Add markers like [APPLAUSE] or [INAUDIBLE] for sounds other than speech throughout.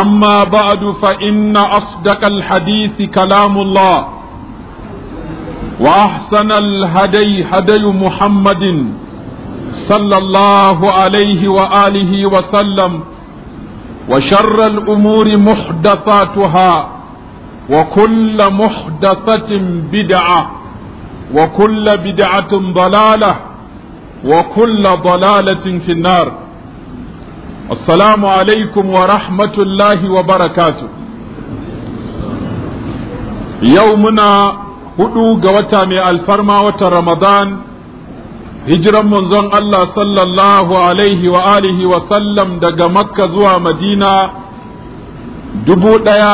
أما بعد فإن أصدق الحديث كلام الله وأحسن الهدي هدي محمد صلى الله عليه وآله وسلم وشر الأمور محدثاتها وكل محدثة بدعة وكل بدعة ضلالة وكل ضلالة في النار assalamu alaikum wa rahmatullahi wa barakatu yau muna huɗu ga wata mai alfarma watan ramadan hijiran manzon Allah sallallahu alaihi wa alihi wa sallam daga makka zuwa madina dubu ɗaya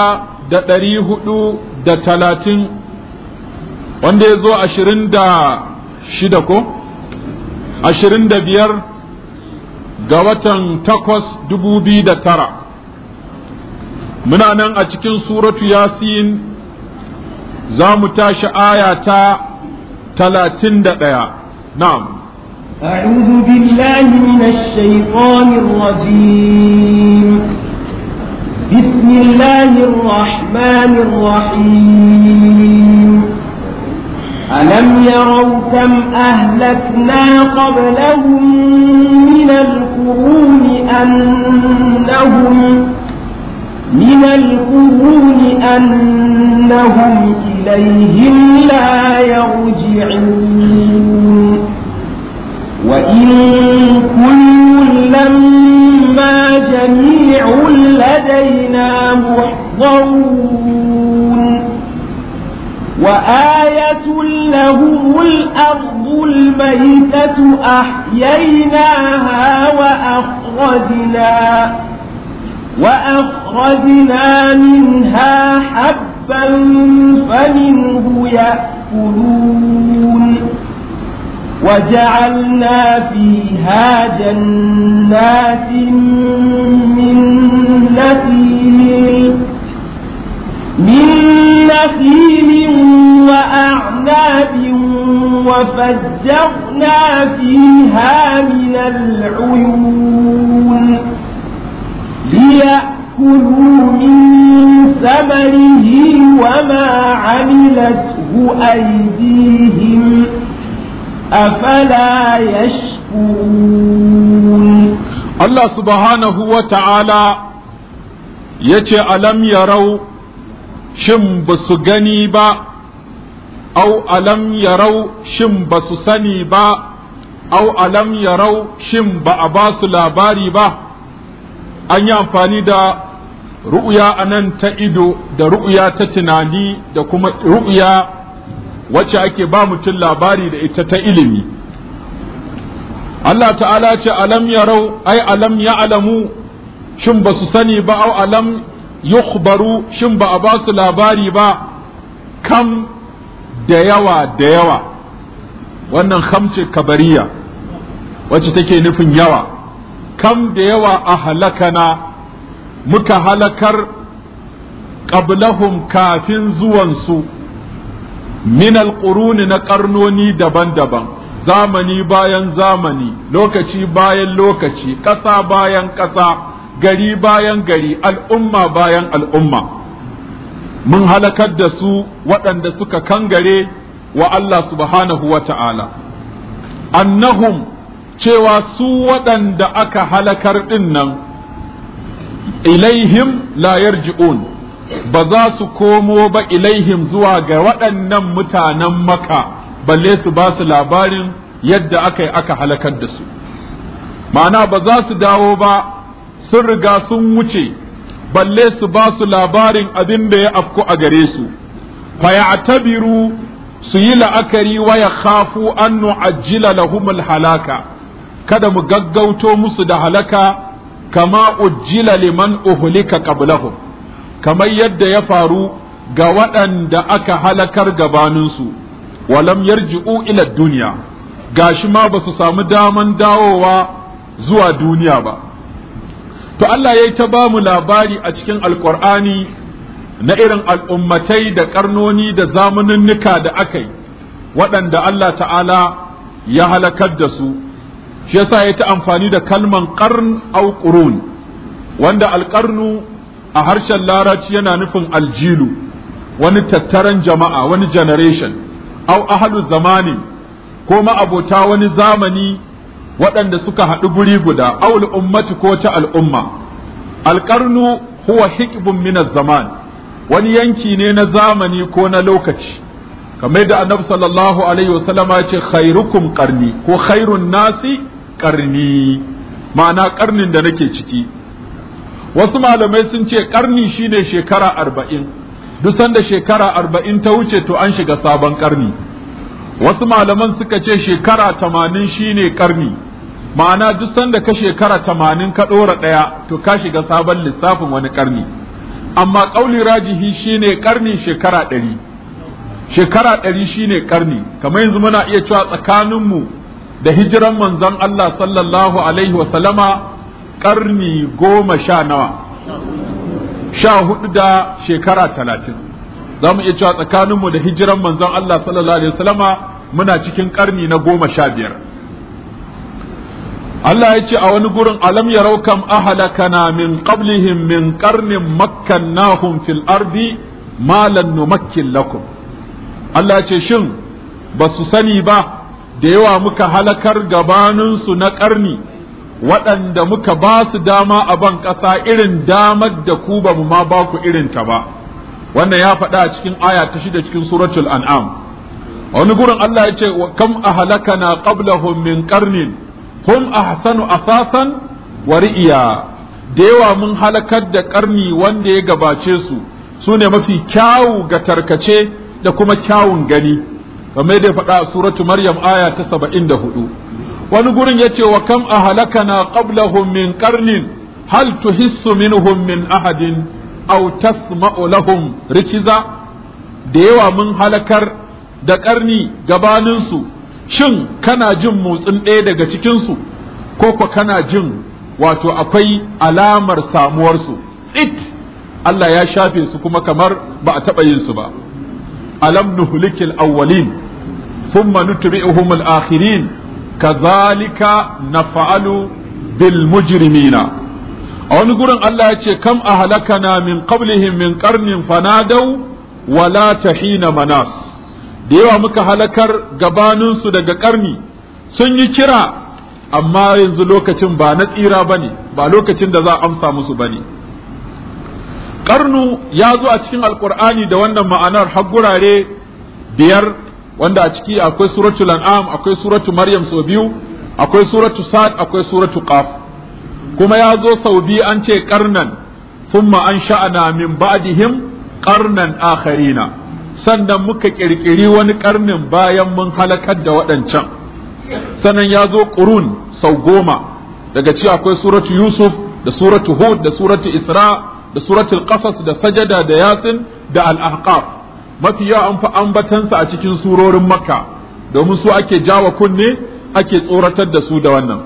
da ɗari huɗu da talatin wanda ya zo ashirin da shida ko ashirin da biyar ga watan takwas dubu biyu da tara muna nan a cikin suratu yasin za mu tashi aya ta talatin da ɗaya na'am أعوذ بالله من الشيطان الرجيم بسم الله الرحمن الرحيم ألم يروا كم أهلكنا قبلهم من القرون أنهم من القرون أنهم إليهم لا يرجعون وإن كل لما جميع لدينا محضرون وآية لهم الأرض الميتة أحييناها وأخرجنا وأخرجنا منها حبا فمنه يأكلون وجعلنا فيها جنات من نخيل من نخيل وأعناب وفجرنا فيها من العيون ليأكلوا من ثمره وما عملته أيديهم أفلا يشكرون الله سبحانه وتعالى يتي ألم يروا shin ba su gani ba au alam yarau shin ba su sani ba au alam yarau shin ba a ba su labari ba an yi amfani da ru'uya a nan ta ido da ru'uya ta tunani da kuma ru'uya wacce ake ba mutum labari da ita ta ilimi Allah ta'ala ce alam yarau ai alam ya alamu shin ba su sani ba au alam yukhbaru shin ba a ba labari ba kam da yawa da yawa wannan hamce kabariya wacce take nufin yawa kam da yawa a halakana muka halakar ƙablahum kafin zuwansu minal ƙuruni na ƙarnoni daban-daban zamani bayan zamani lokaci bayan lokaci ƙasa bayan ƙasa gari bayan gari al'umma bayan al'umma mun halakar da su waɗanda suka kangare wa Allah subhanahu wa ta'ala annahum cewa su waɗanda aka halakar ɗin nan ilaihim la yarji'un ba za su komo ba ilaihim zuwa ga waɗannan mutanen maka balle su ba su labarin yadda aka yi aka halakar da su ma'ana ba za su dawo ba sun riga sun wuce balle su ba su labarin abin da ya afku a gare su fa su yi la'akari waya ya khafu an nu'ajjila lahumul halaka kada mu gaggauto musu da halaka kama ujjila liman uhlika qablahum kamar yadda ya faru ga waɗanda aka halakar gabaninsu walam yarji'u ila duniya gashi ma ba su samu daman dawowa zuwa duniya ba to Allah ya yi ta ba mu labari a cikin alkur'ani na irin al'ummatai da karnoni da zamaninnika da aka yi waɗanda Allah ta'ala ya halakar da su shi yasa ya ta amfani da kalman ƙarn au ƙurun wanda alƙarnu a harshen laraci yana nufin aljilu wani tattaren jama'a wani generation au ahalu zamani ko ma'abota wani zamani waɗanda suka haɗu guri guda awul ummati ko ta al'umma alƙarnu huwa hikbun min zaman wani yanki ne na zamani ko na lokaci kamar da annabi sallallahu alaihi wasallama ya ce khairukum qarni ko khairun nasi qarni ma'ana karnin da nake ciki wasu malamai sun ce karni shine shekara arba'in duk sanda shekara arba'in ta wuce to an shiga sabon karni wasu malaman suka ce shekara tamanin shine karni ma'ana duk sanda ka shekara tamanin ka ɗora ɗaya to ka shiga sabon lissafin wani ƙarni amma ƙauli rajihi shine ƙarni shekara ɗari shekara ɗari shine ƙarni kamar yanzu muna iya cewa tsakaninmu da hijiran manzon Allah sallallahu alaihi wa sallama ƙarni goma sha nawa sha hudu da shekara talatin za mu iya cewa tsakaninmu da hijiran manzon Allah sallallahu alaihi wa sallama muna cikin ƙarni na goma sha biyar Allah ya ce a wani gurin alam yarau kam ahalakana min qablihim min qarnin makkannahum fil ardi ma numakkin lakum Allah ce shin ba su sani ba da yawa muka halakar gabaninsu na ƙarni waɗanda muka ba su dama a ban ƙasa irin damar da ku ba mu ma ba ku ta ba wannan ya faɗa a cikin aya ta shida cikin suratul an'am a wani gurin Allah ya ce kam ahalakana qablahum min qarnin hum ahsanu asasan wa ri'iya da yawa mun halakar da karni wanda ya gabace su sune mafi kyawu ga tarkace da kuma kyawun gani kamar da faɗa a suratu maryam aya ta saba'in da hudu wani gurin ya ce wa kam a halakana qablahum min qarnin hal tuhissu minhum min ahadin aw tasma'u lahum rikiza da yawa mun halakar da ƙarni su. shin kana jin motsin ɗaya daga cikinsu ko ko kana jin wato akwai alamar samuwarsu tsit Allah ya shafe su kuma kamar ba a taɓa yin su ba alam nuhlikil awwalin thumma nutbi'uhum al-akhirin kazalika naf'alu bil mujrimina a wani gurin Allah ya ce kam ahlakana min qablihim min qarnin fanadaw wala tahina manas da yawa muka halakar gabaninsu daga ƙarni sun yi kira amma yanzu lokacin ba na tsira ba ne ba lokacin da za a amsa musu ba ne ƙarnu ya zo a cikin alkur'ani da wannan ma'anar har biyar wanda a ciki akwai suratu lan'am akwai suratu maryam sau biyu akwai suratu sa'ad akwai suratu qaf kuma ya zo sau biyu an ce ƙarnan thumma an sha'ana min ba'dihim ƙarnan akharina sannan muka ƙirƙiri wani karnin bayan mun halakar da waɗancan sannan ya zo ƙurun sau goma daga ci akwai suratu yusuf da suratu hud da suratu isra da suratu ƙasas da sajada da yasin da al mafi yawa an fi ambatansa a cikin surorin makka domin su ake jawa kunne ake tsoratar da su da wannan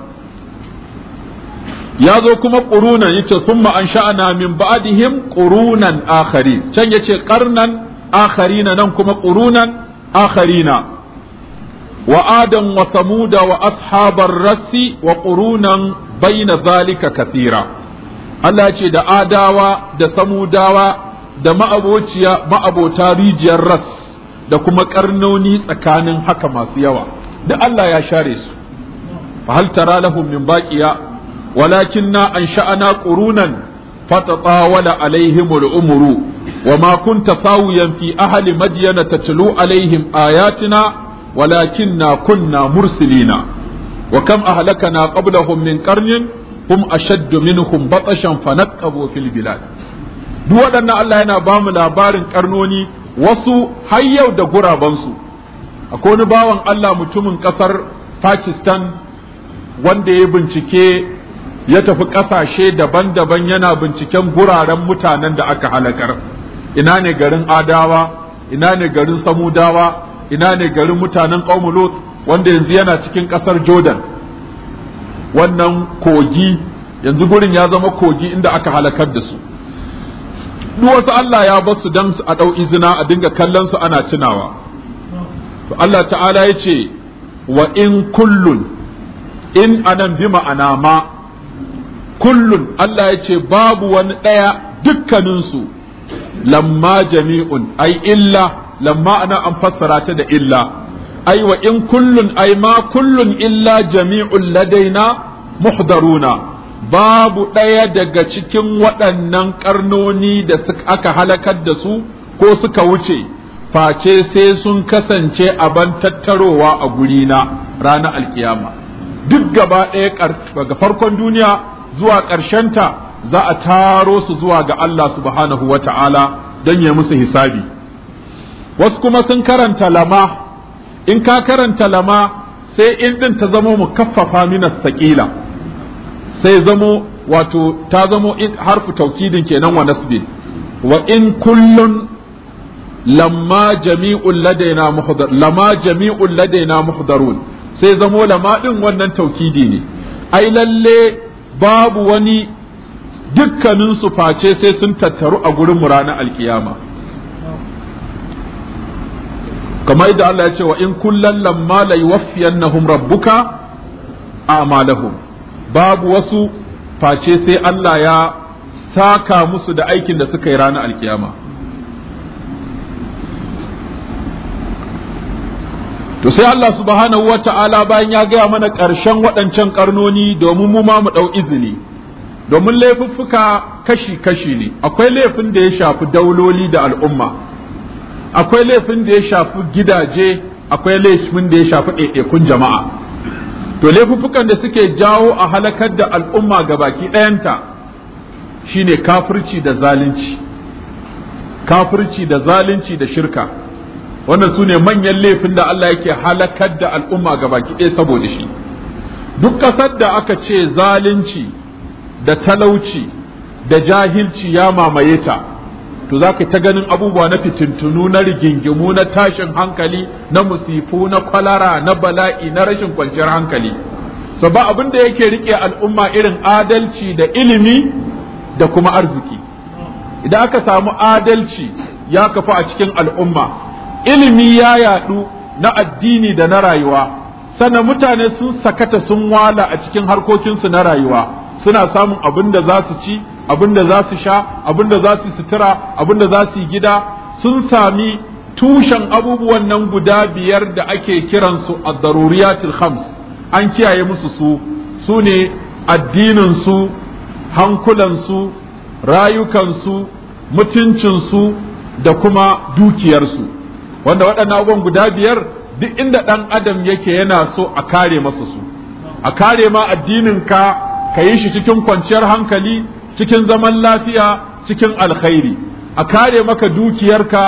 ya zo kuma ƙurunan yace summa an sha'ana min ba'dihim ƙurunan akhari can yace ƙarnan. akharina nan kuma qurunan akharina wa adam wa samuda wa ashabar Rasi wa qurunan baina zalika kathira Allah ce da adawa da samudawa da ma'abociya ma'abota rijiyar ras da kuma karnoni tsakanin haka masu yawa da Allah ya share su fa hal tara lahum min baqiya walakinna ansha'ana qurunan fatatawala alaihim al'umru wa ma kunta sawiyan fi ahli madyana tatlu alaihim ayatina na kunna mursilina wa kam ahlakna qablahum min qarnin hum ashaddu minhum batashan fanaqabu fil bilad duk waɗannan Allah yana bamu labarin ƙarnoni wasu har yau da gurabansu akwai wani bawan Allah mutumin ƙasar Pakistan wanda ya bincike ya tafi ƙasashe daban-daban yana binciken guraren mutanen da aka halakar ina ne garin adawa ina ne garin samudawa ina ne garin mutanen Kaumulot? wanda yanzu yana cikin ƙasar jordan wannan kogi yanzu gurin ya zama kogi inda aka halakar da su duk wasu Allah ya basu dan su a ɗau izina a dinga kallon su ana tunawa to Allah ta'ala ya ce wa in kullun in anan bi ma'ana ma kullun Allah ya ce babu wani ɗaya dukkaninsu lamma jami'un ai illa lamma ana an fassara ta da illa ai wa in kullun ai ma kullun illa jami'un ladaina muhdaruna babu ɗaya daga cikin waɗannan karnoni da aka halakar da su ko suka wuce face sai sun kasance aban tattarowa a gurina ranar alkiyama duk gaba ɗaya daga farkon duniya zuwa ƙarshenta za a taro su zuwa ga Allah subhanahu wa ta'ala don ya musu hisabi wasu kuma sun karanta lama in ka karanta lama sai in ɗin ta zamo mu kaffafa minas saƙila sai zamo wato ta zamo harfu taukidin kenan wa nasbin wa in kullun lamma jami'un ladaina muhdar lama jami'un ladaina muhdarun sai zamo lama ɗin wannan taukidi ne ai lalle babu wani dukkaninsu face sai sun tattaru a gurin mu ranar alkiyama kamar yadda Allah ya ce wa in kullan lamma la na rabbuka a'malahum babu wasu face sai Allah ya saka musu da aikin da suka yi ranar alkiyama to sai Allah subhanahu wa ta'ala bayan ya gaya mana ƙarshen waɗancan karnoni domin mu ma mu ɗau izini domin laifuffuka kashi-kashi ne akwai laifin da ya shafi dauloli da al'umma akwai laifin da ya shafi gidaje akwai laifin da ya shafi ɗaiɗaikun jama'a to laifuffukan da suke jawo a halakar da al'umma ga baki ɗayanta shine kafirci da zalunci kafirci da zalunci da shirka wannan su ne manyan laifin da Allah yake halakar da al'umma ga baki ɗaya saboda shi duk ƙasar da aka ce zalunci da talauci da jahilci ya mamaye ta to za ka ta ganin abubuwa na fitintunu na rigingimu na tashin hankali na musifu na kwalara na bala'i na rashin kwanciyar hankali so ba abin da yake rike al'umma irin adalci da ilimi da kuma arziki idan aka samu adalci ya kafa a cikin al'umma ilimi ya yadu na addini da na rayuwa sannan mutane sun sakata sun wala a cikin harkokinsu na rayuwa suna samun abin da za su ci abin da za su sha abin da za su sutura abin da za su yi gida sun sami tushen abubuwan nan guda biyar da ake kiransu a daruriyatul khams an kiyaye musu su su ne addininsu hankulansu rayukansu mutuncinsu da kuma dukiyarsu wanda waɗannan abubuwan guda biyar duk inda ɗan adam yake yana so a kare masa su a kare ma addinin ka ka yi shi cikin kwanciyar hankali cikin zaman lafiya cikin alkhairi a kare maka dukiyarka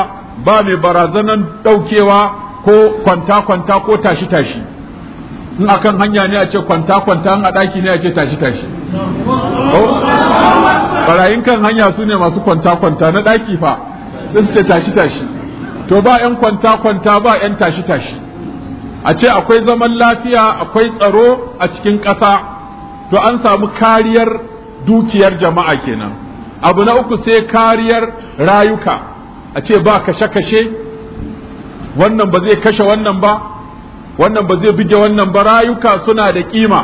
ba mai barazanan ɗaukewa ko kwanta-kwanta ko tashi-tashi in akan hanya ne a ce kwanta-kwanta a ɗaki ne a ce tashi-tashi barayin kan hanya su ne masu kwanta-kwanta na ɗaki fa sun su ce tashi-tashi to ba 'yan kwanta-kwanta ba 'yan tashi-tashi a ce akwai zaman lafiya akwai tsaro a cikin ƙasa to an samu kariyar dukiyar jama'a kenan abu na uku sai kariyar rayuka a ce ba kashe-kashe wannan ba zai kashe wannan ba wannan ba zai bige wannan ba rayuka suna da kima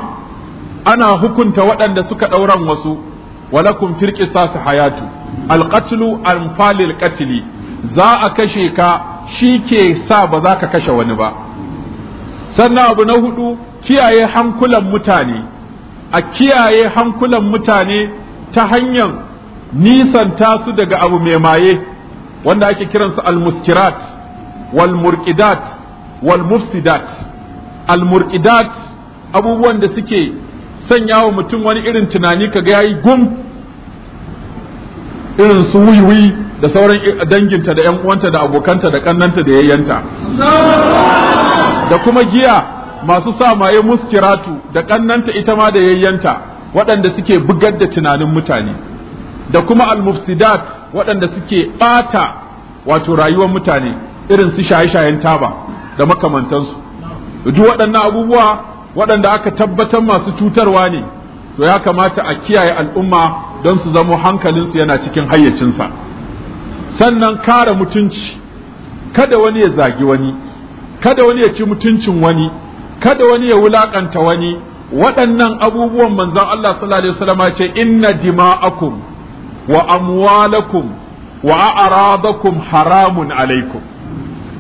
ana hukunta waɗanda suka ɗauran wasu walakum su hayatu alqatlu Falil ƙatili. za a kashe ka shi ke sa ba za ka kashe wani ba sannan abu na hudu kiyaye hankulan mutane a kiyaye hankulan mutane ta hanyar nisanta su daga abu mai maye wanda ake kiransu almuskirat walmurkidat walmufsidat almurkidat abubuwan da suke sanya wa mutum wani irin tunani kaga ya yi gum irin su wiwi da sauran danginta da 'yan uwanta da abokanta da kannanta da yayyanta da kuma giya masu sa maye muskiratu da kannanta ita ma da yayyanta waɗanda suke bugar da tunanin mutane da kuma almufsidat waɗanda suke ɓata wato rayuwar mutane irin su shaye-shayen taba da makamantansu duk waɗannan abubuwa waɗanda aka tabbatar masu cutarwa ne to ya kamata a kiyaye al'umma don su zamo hankalinsu yana cikin hayyacinsa. sannan kare mutunci kada wani ya zagi wani kada wani ya ci mutuncin wani kada wani ya wulakanta wani waɗannan abubuwan manzon Allah sallallahu alaihi wasallam ce inna dima'akum wa amwalakum wa a'radakum haramun alaikum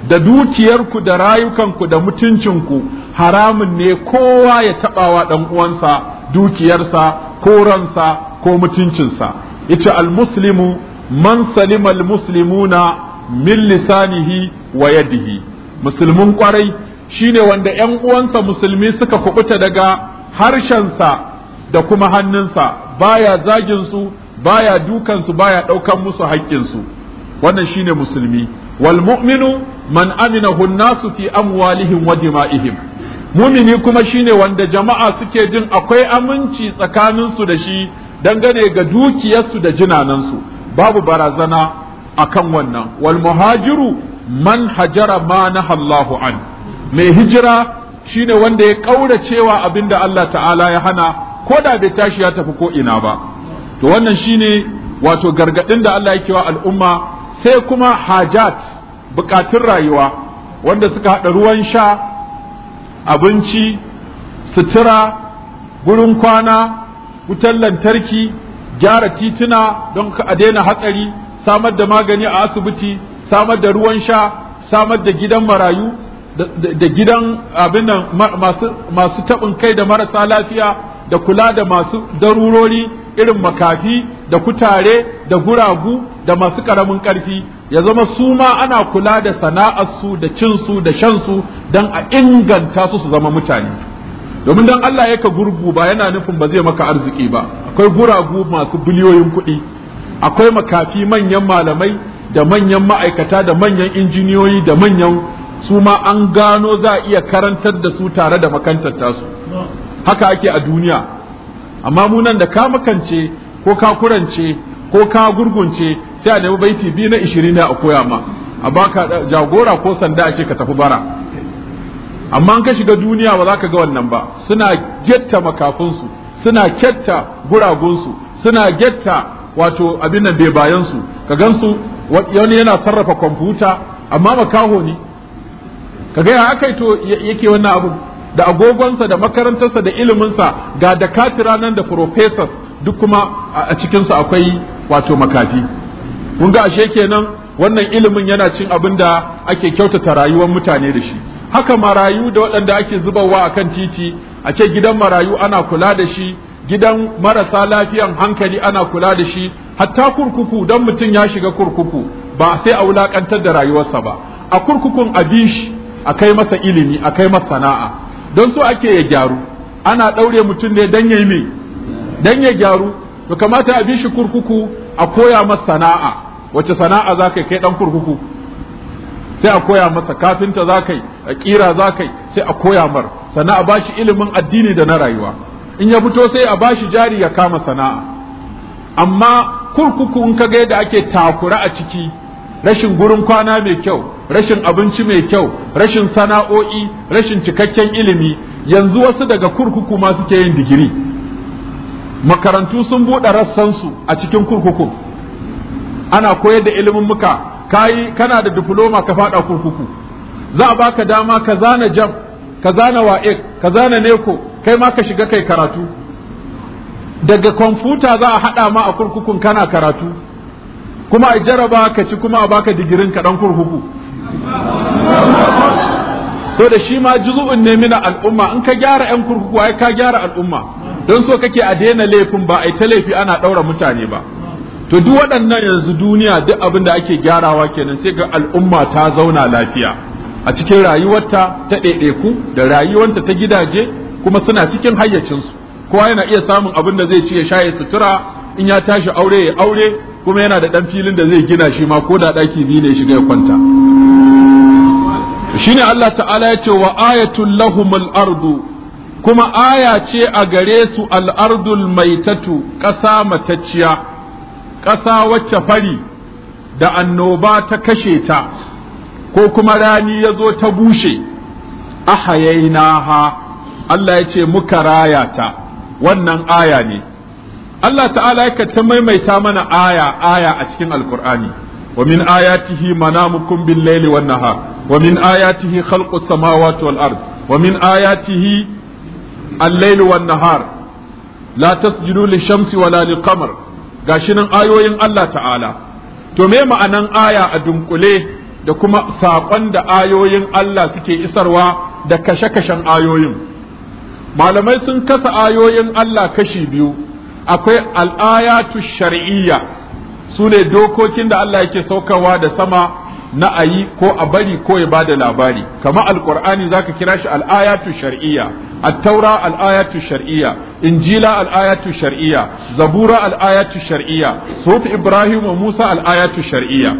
da dukiyarku da rayukanku da mutuncinku haramun ne kowa ya taɓawa ɗan uwansa dukiyarsa ko ransa ko mutuncinsa yace al-muslimu man salima almuslimuna min lisanihi wa yadihi musulmin kwarai shine wanda ƴan uwansa musulmi suka kubuta daga harshensa da kuma hannunsa baya zagin su baya dukan su baya daukan musu haƙƙin su wannan shine musulmi wal mu'minu man aminahu nasu fi amwalihim wa dima'ihim mumini kuma shine wanda jama'a suke jin akwai aminci tsakaninsu da shi dangane ga dukiyarsu da jinanansu babu barazana akan wannan wal muhajiru man hajara ma nahallahu an mai hijira shine wanda ya kaura cewa abinda Allah ta'ala ya hana ko da bai tashi ya tafi ko ina ba to wannan shine wato gargadin da Allah yake wa al'umma sai kuma hajat bukatun rayuwa wanda suka haɗa ruwan sha abinci sutura gurin kwana wutar lantarki gyara tituna don a daina hatsari samar da magani a asibiti samar da ruwan sha samar da gidan marayu da gidan abin nan masu taɓin kai da marasa lafiya da kula da masu darurori irin makafi da kutare da guragu da masu ƙaramin ƙarfi ya zama su ma ana kula da sana'arsu da cinsu da shansu don a inganta su su zama mutane domin dan Allah yaka gurgu ba yana nufin ba zai maka arziki ba akwai guragu masu biliyoyin kuɗi akwai makafi manyan malamai da manyan ma'aikata da manyan injiniyoyi da manyan su ma an gano za iya karantar da su tare da makantar tasu haka ake a duniya amma mu nan da ka makance ko ka kurance ko ka gurgunce sai a nemi baiti biyu na ishirin a koya ma a baka jagora ko sanda ake ka tafi bara amma an ka shiga duniya ba za ka ga wannan ba suna getta makafinsu suna getta guragunsu suna getta wato abin nan bai bayansu ka gansu wani yana sarrafa kwamfuta amma makaho ne ka ga to yake wannan abu da agogonsa da makarantarsa da iliminsa ga da katira nan da professors duk kuma a cikinsu akwai wato makafi kun ga ashe kenan wannan ilimin yana cin abin da ake kyautata rayuwar mutane da shi haka marayu da waɗanda ake zubarwa a kan titi a ce gidan marayu ana kula da shi gidan marasa lafiyan hankali ana kula da shi hatta kurkuku don mutum ya shiga kurkuku ba sai a wulaƙantar da rayuwarsa ba a kurkukun a a kai masa ilimi a kai masa sana'a don so ake ya gyaru ana ɗaure mutum ne don ya yi don ya gyaru to kamata a bi shi kurkuku a koya masa sana'a wace sana'a za ka kai ɗan kurkuku sai a koya masa kafinta za yi a kira za yi sai a koya mar sana a bashi ilimin addini da na rayuwa in ya fito sai a bashi jari ya kama sana'a amma kurkuku in ga yadda ake takura a ciki rashin gurin kwana mai kyau rashin abinci mai kyau rashin sana'o'i rashin cikakken ilimi yanzu wasu daga kurkuku ma suke yin digiri makarantu sun buɗe rassansu a cikin kurkuku ana koyar da ilimin muka kai kana da diploma ka fada kurkuku za a baka dama ka zana jam ka zana wa'ik ka zana neko kai ma ka shiga kai karatu daga kwamfuta za a hada ma a kurkukun kana karatu kuma a jaraba ka ci kuma a baka digirin ka dan kurkuku so da shi ma juzu'un ne mina al'umma in ka gyara yan kurkuku ai ka gyara al'umma don so kake a daina laifin ba ai ta laifi ana daura mutane ba to duk waɗannan yanzu duniya duk abin da ake gyarawa kenan sai ga al'umma ta zauna lafiya a cikin rayuwarta ta ɗaiɗaiku da rayuwarta ta gidaje kuma suna cikin hayyacinsu kowa yana iya samun abin da zai ci ya sha ya sutura in ya tashi aure ya aure kuma yana da ɗan filin da zai gina shi ma ko da ɗaki biyu ne shiga ya kwanta shine Allah ta'ala ya ce wa ayatul lahumul ardu kuma aya ce a gare su al ardul maitatu ƙasa matacciya ƙasa wacce fari da annoba ta kashe ta ko kuma rani ya zo ta bushe ahayainaha Allah ya ce muka raya ta wannan aya ne Allah ta'ala ya ta maimaita mana aya aya a cikin alkur'ani wa min ayatihi manamukum bil laili wan nahar wa min ayatihi khalqu samawati wal ard wa min ayatihi al laili wan nahar la tasjudu shamsi wala lilqamar gashi nan ayoyin Allah ta'ala to me ma'anan aya a dunkule da kuma saƙon da ayoyin Allah suke isarwa da kashe-kashen ayoyin malamai sun kasa ayoyin Allah kashi biyu akwai al'ayatu shar'iyya su ne dokokin da Allah yake saukarwa da sama na ayi ko a bari ko ya ba da labari kama alƙur'ani zaka kira shi al'ayatu shar'iyya التوراة الآيات الشرعية إنجيل الآيات الشرعية زبور الآيات الشرعية صوت إبراهيم وموسى الآيات الشرعية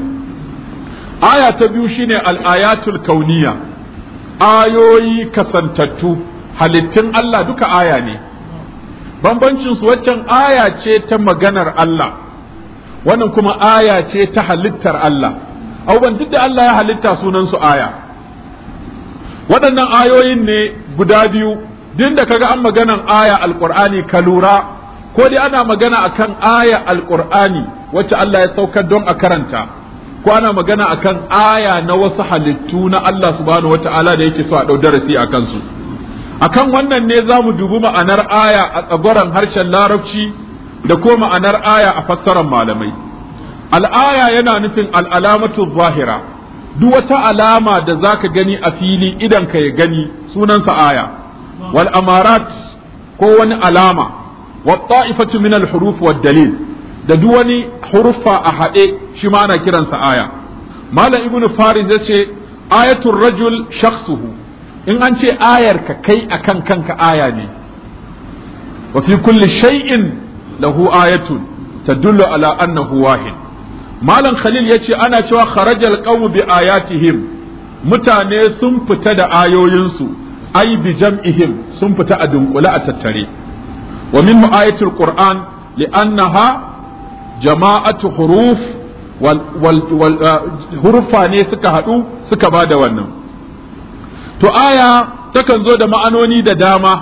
آية تبيوشيني الآيات الكونية آيوي كسنتتو halittun Allah duka aya ne bambancin su waccan aya ce ta maganar Allah wannan kuma aya ce ta halittar Allah abubuwan duk da Allah ya halitta sunan su aya waɗannan ayoyin ne guda biyu din da kaga an maganan aya alqur'ani ka lura ko dai ana magana akan aya alqur'ani wacce Allah ya saukar don a karanta ko ana magana akan aya na wasu halittu na Allah subhanahu wata'ala da yake so a dau darasi a kansu akan wannan ne zamu mu dubi ma'anar aya a tsagoran harshen larabci da ko ma'anar aya a fassarar malamai al'aya yana nufin al'alamatu zahira duk wata alama da zaka gani a fili idan ka ya gani sunansa aya wal amarat ko wani alama wa ta'ifatu min al huruf wa dalil da duk wani huruffa a haɗe shi ma ana kiransa aya malam ibnu faris yace ayatul rajul shakhsuhu in an ce ayar ka kai akan kanka aya ne wa fi kulli shay'in lahu ayatun tadullu ala annahu wahid malam khalil yace ana cewa kharajal qawmu bi ayatihim mutane sun fita da ayoyinsu ai bi sun fita a dunkule a tattare wa min mu'ayatul qur'an li'annaha jama'atu huruf wal hurufa ne suka haɗu suka ba da wannan to aya takan zo da ma'anoni da dama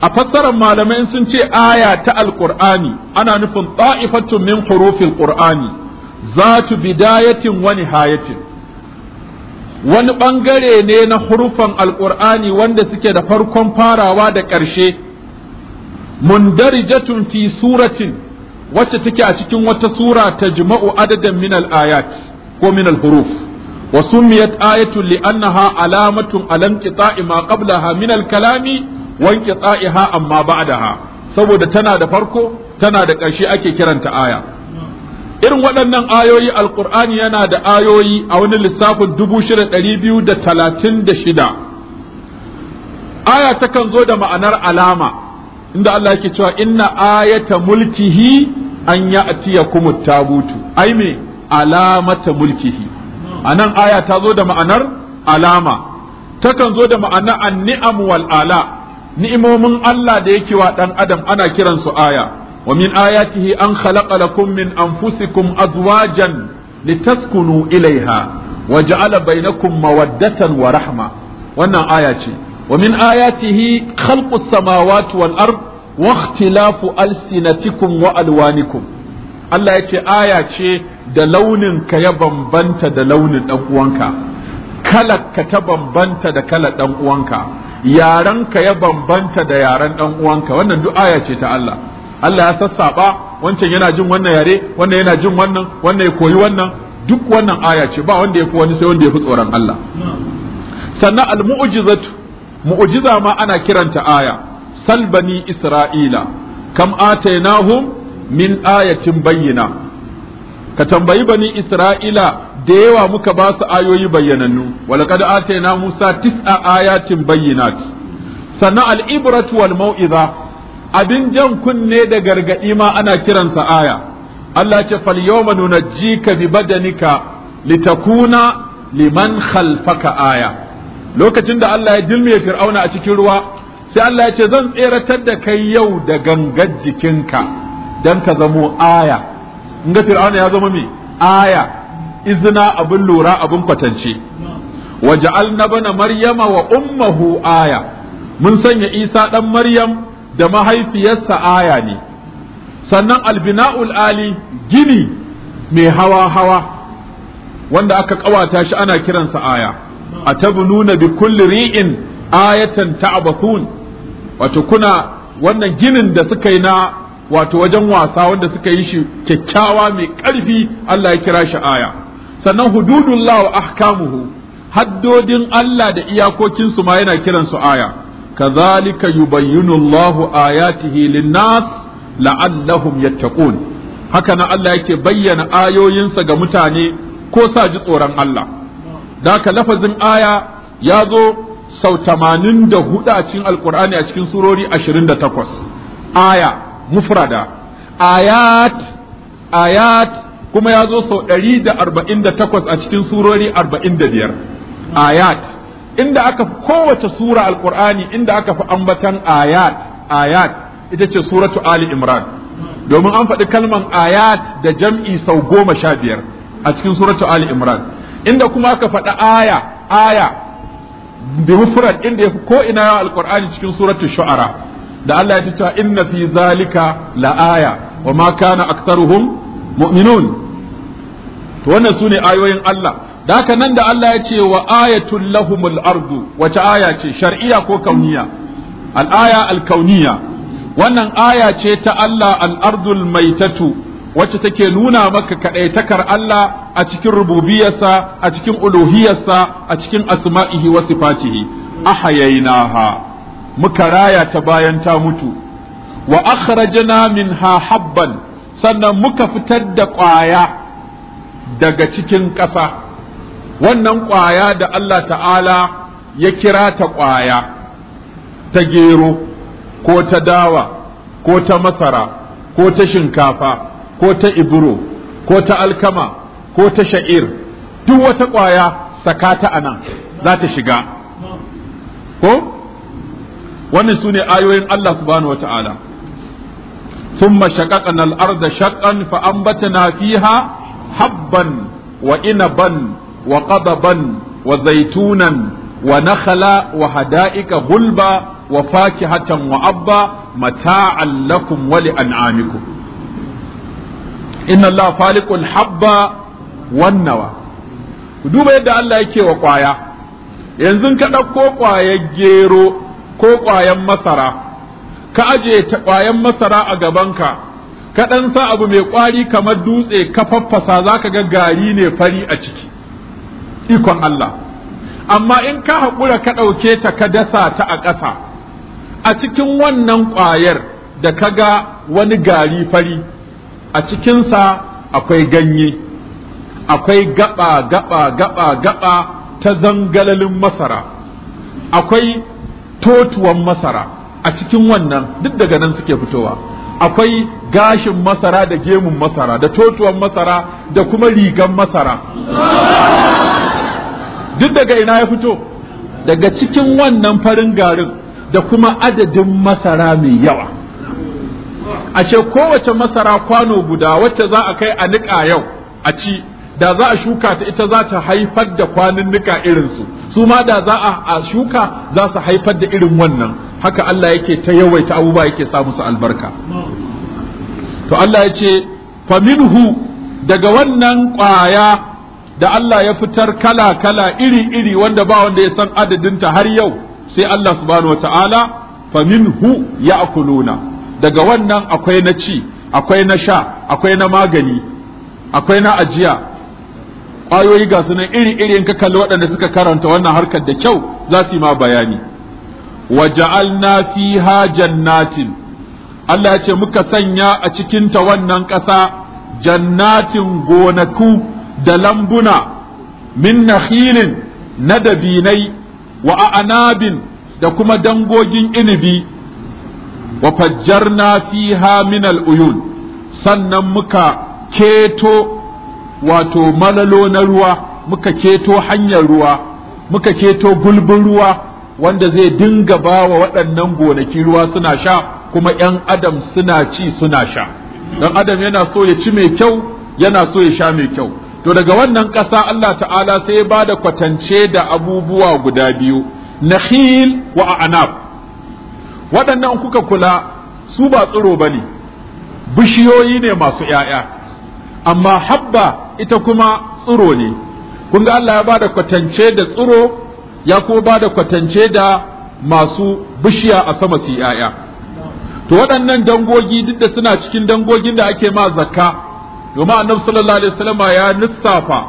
a fassarar malamai sun ce aya ta alqur'ani ana nufin ta'ifatun min hurufil qur'ani zatu bidayatin wani nihayatin wani ɓangare ne na hurufan alƙur'ani wanda suke da farkon farawa da ƙarshe mundarijatun fi suratin wacce take a cikin wata sura ta jima'u adadin minal ayat ko minal huruf wa summiyat ayatun li'annaha alamatun alam qita'i ma qablaha min kalami wa qita'iha amma ba'daha saboda tana da farko tana da ƙarshe ake kiranta aya irin waɗannan ayoyi alkur'ani yana da ayoyi a wani lissafin dubu shida ɗari biyu da talatin da shida aya takan zo da ma'anar alama inda Allah yake cewa inna ayata mulkihi an ya atiya kuma tabutu ai me alamata mulkihi a aya ta zo da ma'anar alama takan zo da ma'ana an ni'am wal ala ni'imomin Allah da yake wa ɗan adam ana kiransu aya ومن آياته أن خلق لكم من أنفسكم أزواجا لتسكنوا إليها وجعل بينكم مودة ورحمة وانا آياتي ومن آياته خلق السماوات والأرض واختلاف ألسنتكم وألوانكم Allah ya ce aya ce da launin ka ya bambanta da launin ɗan uwanka kalar ka ta bambanta da kalar ɗan uwanka yaran ka ya bambanta da yaran ɗan uwanka wannan duk aya ce ta Allah Allah ya sassaba wancan yana jin wannan yare wannan yana jin wannan wannan ya koyi wannan duk wannan aya ce ba wanda ya fi wani sai wanda ya fi tsoron Allah sannan al-mu'jizatu mu'jiza ma ana kiranta aya salbani isra'ila kam atainahum min ayatin bayyina ka tambayi bani isra'ila da yawa muka ba su ayoyi bayyanannu walaqad atayna musa tis'a ayatin bayyinat sannan al-ibratu wal mau'iza abin jan kunne da gargaɗi ma ana kiransa aya Allah ce fal yawma nunajjika bi badanika litakuna liman khalfaka aya lokacin da Allah ya jilme fir'auna a cikin ruwa sai Allah ya ce zan tseratar da kai yau da gangar jikinka dan ka zamo aya in ga fir'auna ya zama me aya izina abin lura abin kwatance waja'alna bana maryama wa ummahu aya mun sanya isa dan maryam da mahaifiyarsa aya ne sannan albina'ul ali gini mai hawa hawa wanda aka kawata shi ana kiransa aya a tabnuna bi kulli ri'in ayatan ta'bathun wato kuna wannan ginin da suka yi na wato wajen wasa wanda suka yi shi kyakkyawa mai ƙarfi Allah ya kira shi aya sannan hududullah wa ahkamuhu haddodin Allah da iyakokinsu ma yana kiransu aya kazalika yubayyinu Allahu ayatihi linnas la'allahum yattaqun haka na Allah yake bayyana ayoyinsa ga mutane ko sa ji tsoron Allah daka lafazin aya ya zo sau 84 a cikin alkur'ani a cikin surori 28 aya mufrada ayat ayat kuma ya zo sau ɗari da 148 a cikin surori biyar, ayat inda aka fi kowace sura alkur'ani inda aka fi ambatan ayat ayat ita ce suratu ali imran domin an faɗi kalman ayat da jam'i sau goma sha biyar a cikin suratu ali imran inda kuma aka faɗi aya aya bi mufrad inda yafi ko ina yawa alqur'ani cikin suratu shu'ara da Allah ya ce cewa inna fi zalika la aya wa ma kana aktharuhum mu'minun to wannan sune ayoyin Allah da haka nan da Allah ya ce wa ayatul lahumul ardu wace aya ce shar'iyya ko kauniya al-aya al-kauniya wannan aya ce ta Allah al-ardul maitatu wacce take nuna maka kaɗaitakar Allah a cikin rububiyarsa a cikin uluhiyarsa a cikin asma'ihi wa sifatihi ahayainaha muka raya ta bayan ta mutu wa akhrajna minha habban sannan muka fitar da ƙwaya daga cikin ƙasa wannan ƙwaya da Allah ta'ala ya kira ta ƙwaya ta gero ko ta dawa ko ta masara ko ta shinkafa ko ta iburo ko ta alkama ko ta sha'ir duk wata ƙwaya saka ta a nan za ta shiga ko wannan su ne ayoyin Allah subhanahu wa ta'ala ثم شققنا الأرض شقا فأنبتنا فيها حبا وإنبا wa wa zaitunan wa nakhala wa hada'ika gulba wa fakihatan wa abba mata lakum wa li'an'amikum inna Allah faliqul habba wannawa. nawa duba yadda Allah yake wa kwaya yanzu ka ɗauko ƙwayar gero ko ƙwayan masara ka ajiye ta ƙwayan masara a gabanka ka ɗan sa abu mai ƙwari kamar dutse ka faffasa za ka ga gari ne fari a ciki ikon Allah amma in ka haƙura ka ɗauke ta ka dasa ta a ƙasa a cikin wannan ƙwayar da ka ga wani gari fari a cikinsa akwai ganye akwai gaba gaba gaba gaba ta zangalalin masara akwai totuwan masara a cikin wannan duk daga nan suke fitowa akwai gashin masara da gemun masara da totuwan masara da kuma rigan masara duk daga ina ya fito daga cikin wannan farin garin da kuma adadin masara mai yawa ashe kowace masara kwano guda wacce za a kai a niƙa yau a ci da za a shuka ta ita za ta haifar da kwanin niƙa irinsu su ma da za a shuka za su haifar da irin wannan haka Allah yake ta yawaita abubuwa yake sa musu albarka to Allah ya ce faminhu daga wannan ƙwaya da Allah ya fitar kala kala iri iri wanda ba wanda ya san adadinta har yau sai Allah subhanahu wataala fa minhu ya'kuluna daga wannan akwai na ci akwai na sha akwai na magani akwai na ajiya ƙwayoyi ga sunan iri iri in ka kalli waɗanda suka karanta wannan harkar da kyau za su yi ma bayani Waje fiha jannatin Allah ya ce muka sanya a cikinta wannan ƙasa jannatin gonaku da lambuna min nakhilin na dabinai wa a'anabin da kuma dangogin inibi wa fajjarna fiha min al'uyun sannan muka keto wato malalo na ruwa muka keto hanyar ruwa muka keto gulbin ruwa wanda zai dinga ba wa waɗannan gonaki ruwa suna sha kuma ‘yan adam suna ci suna sha don adam yana so ya ci mai kyau yana so ya sha mai kyau to daga wannan ƙasa Allah ta'ala sai ya bada kwatance da abubuwa guda biyu nakhil wa anab waɗannan kuka kula su ba tsiro ba ne bishiyoyi ne masu ‘ya'ya amma habba ita kuma tsiro ne kun ga Allah ya ba da kwatance da tsiro ya ko bada kwatance da masu bishiya a sama su ‘ya'ya to waɗannan dangogi duk da suna cikin dangogin da ake ma zakka domin annabi sallallahu alaihi wasallam ya lissafa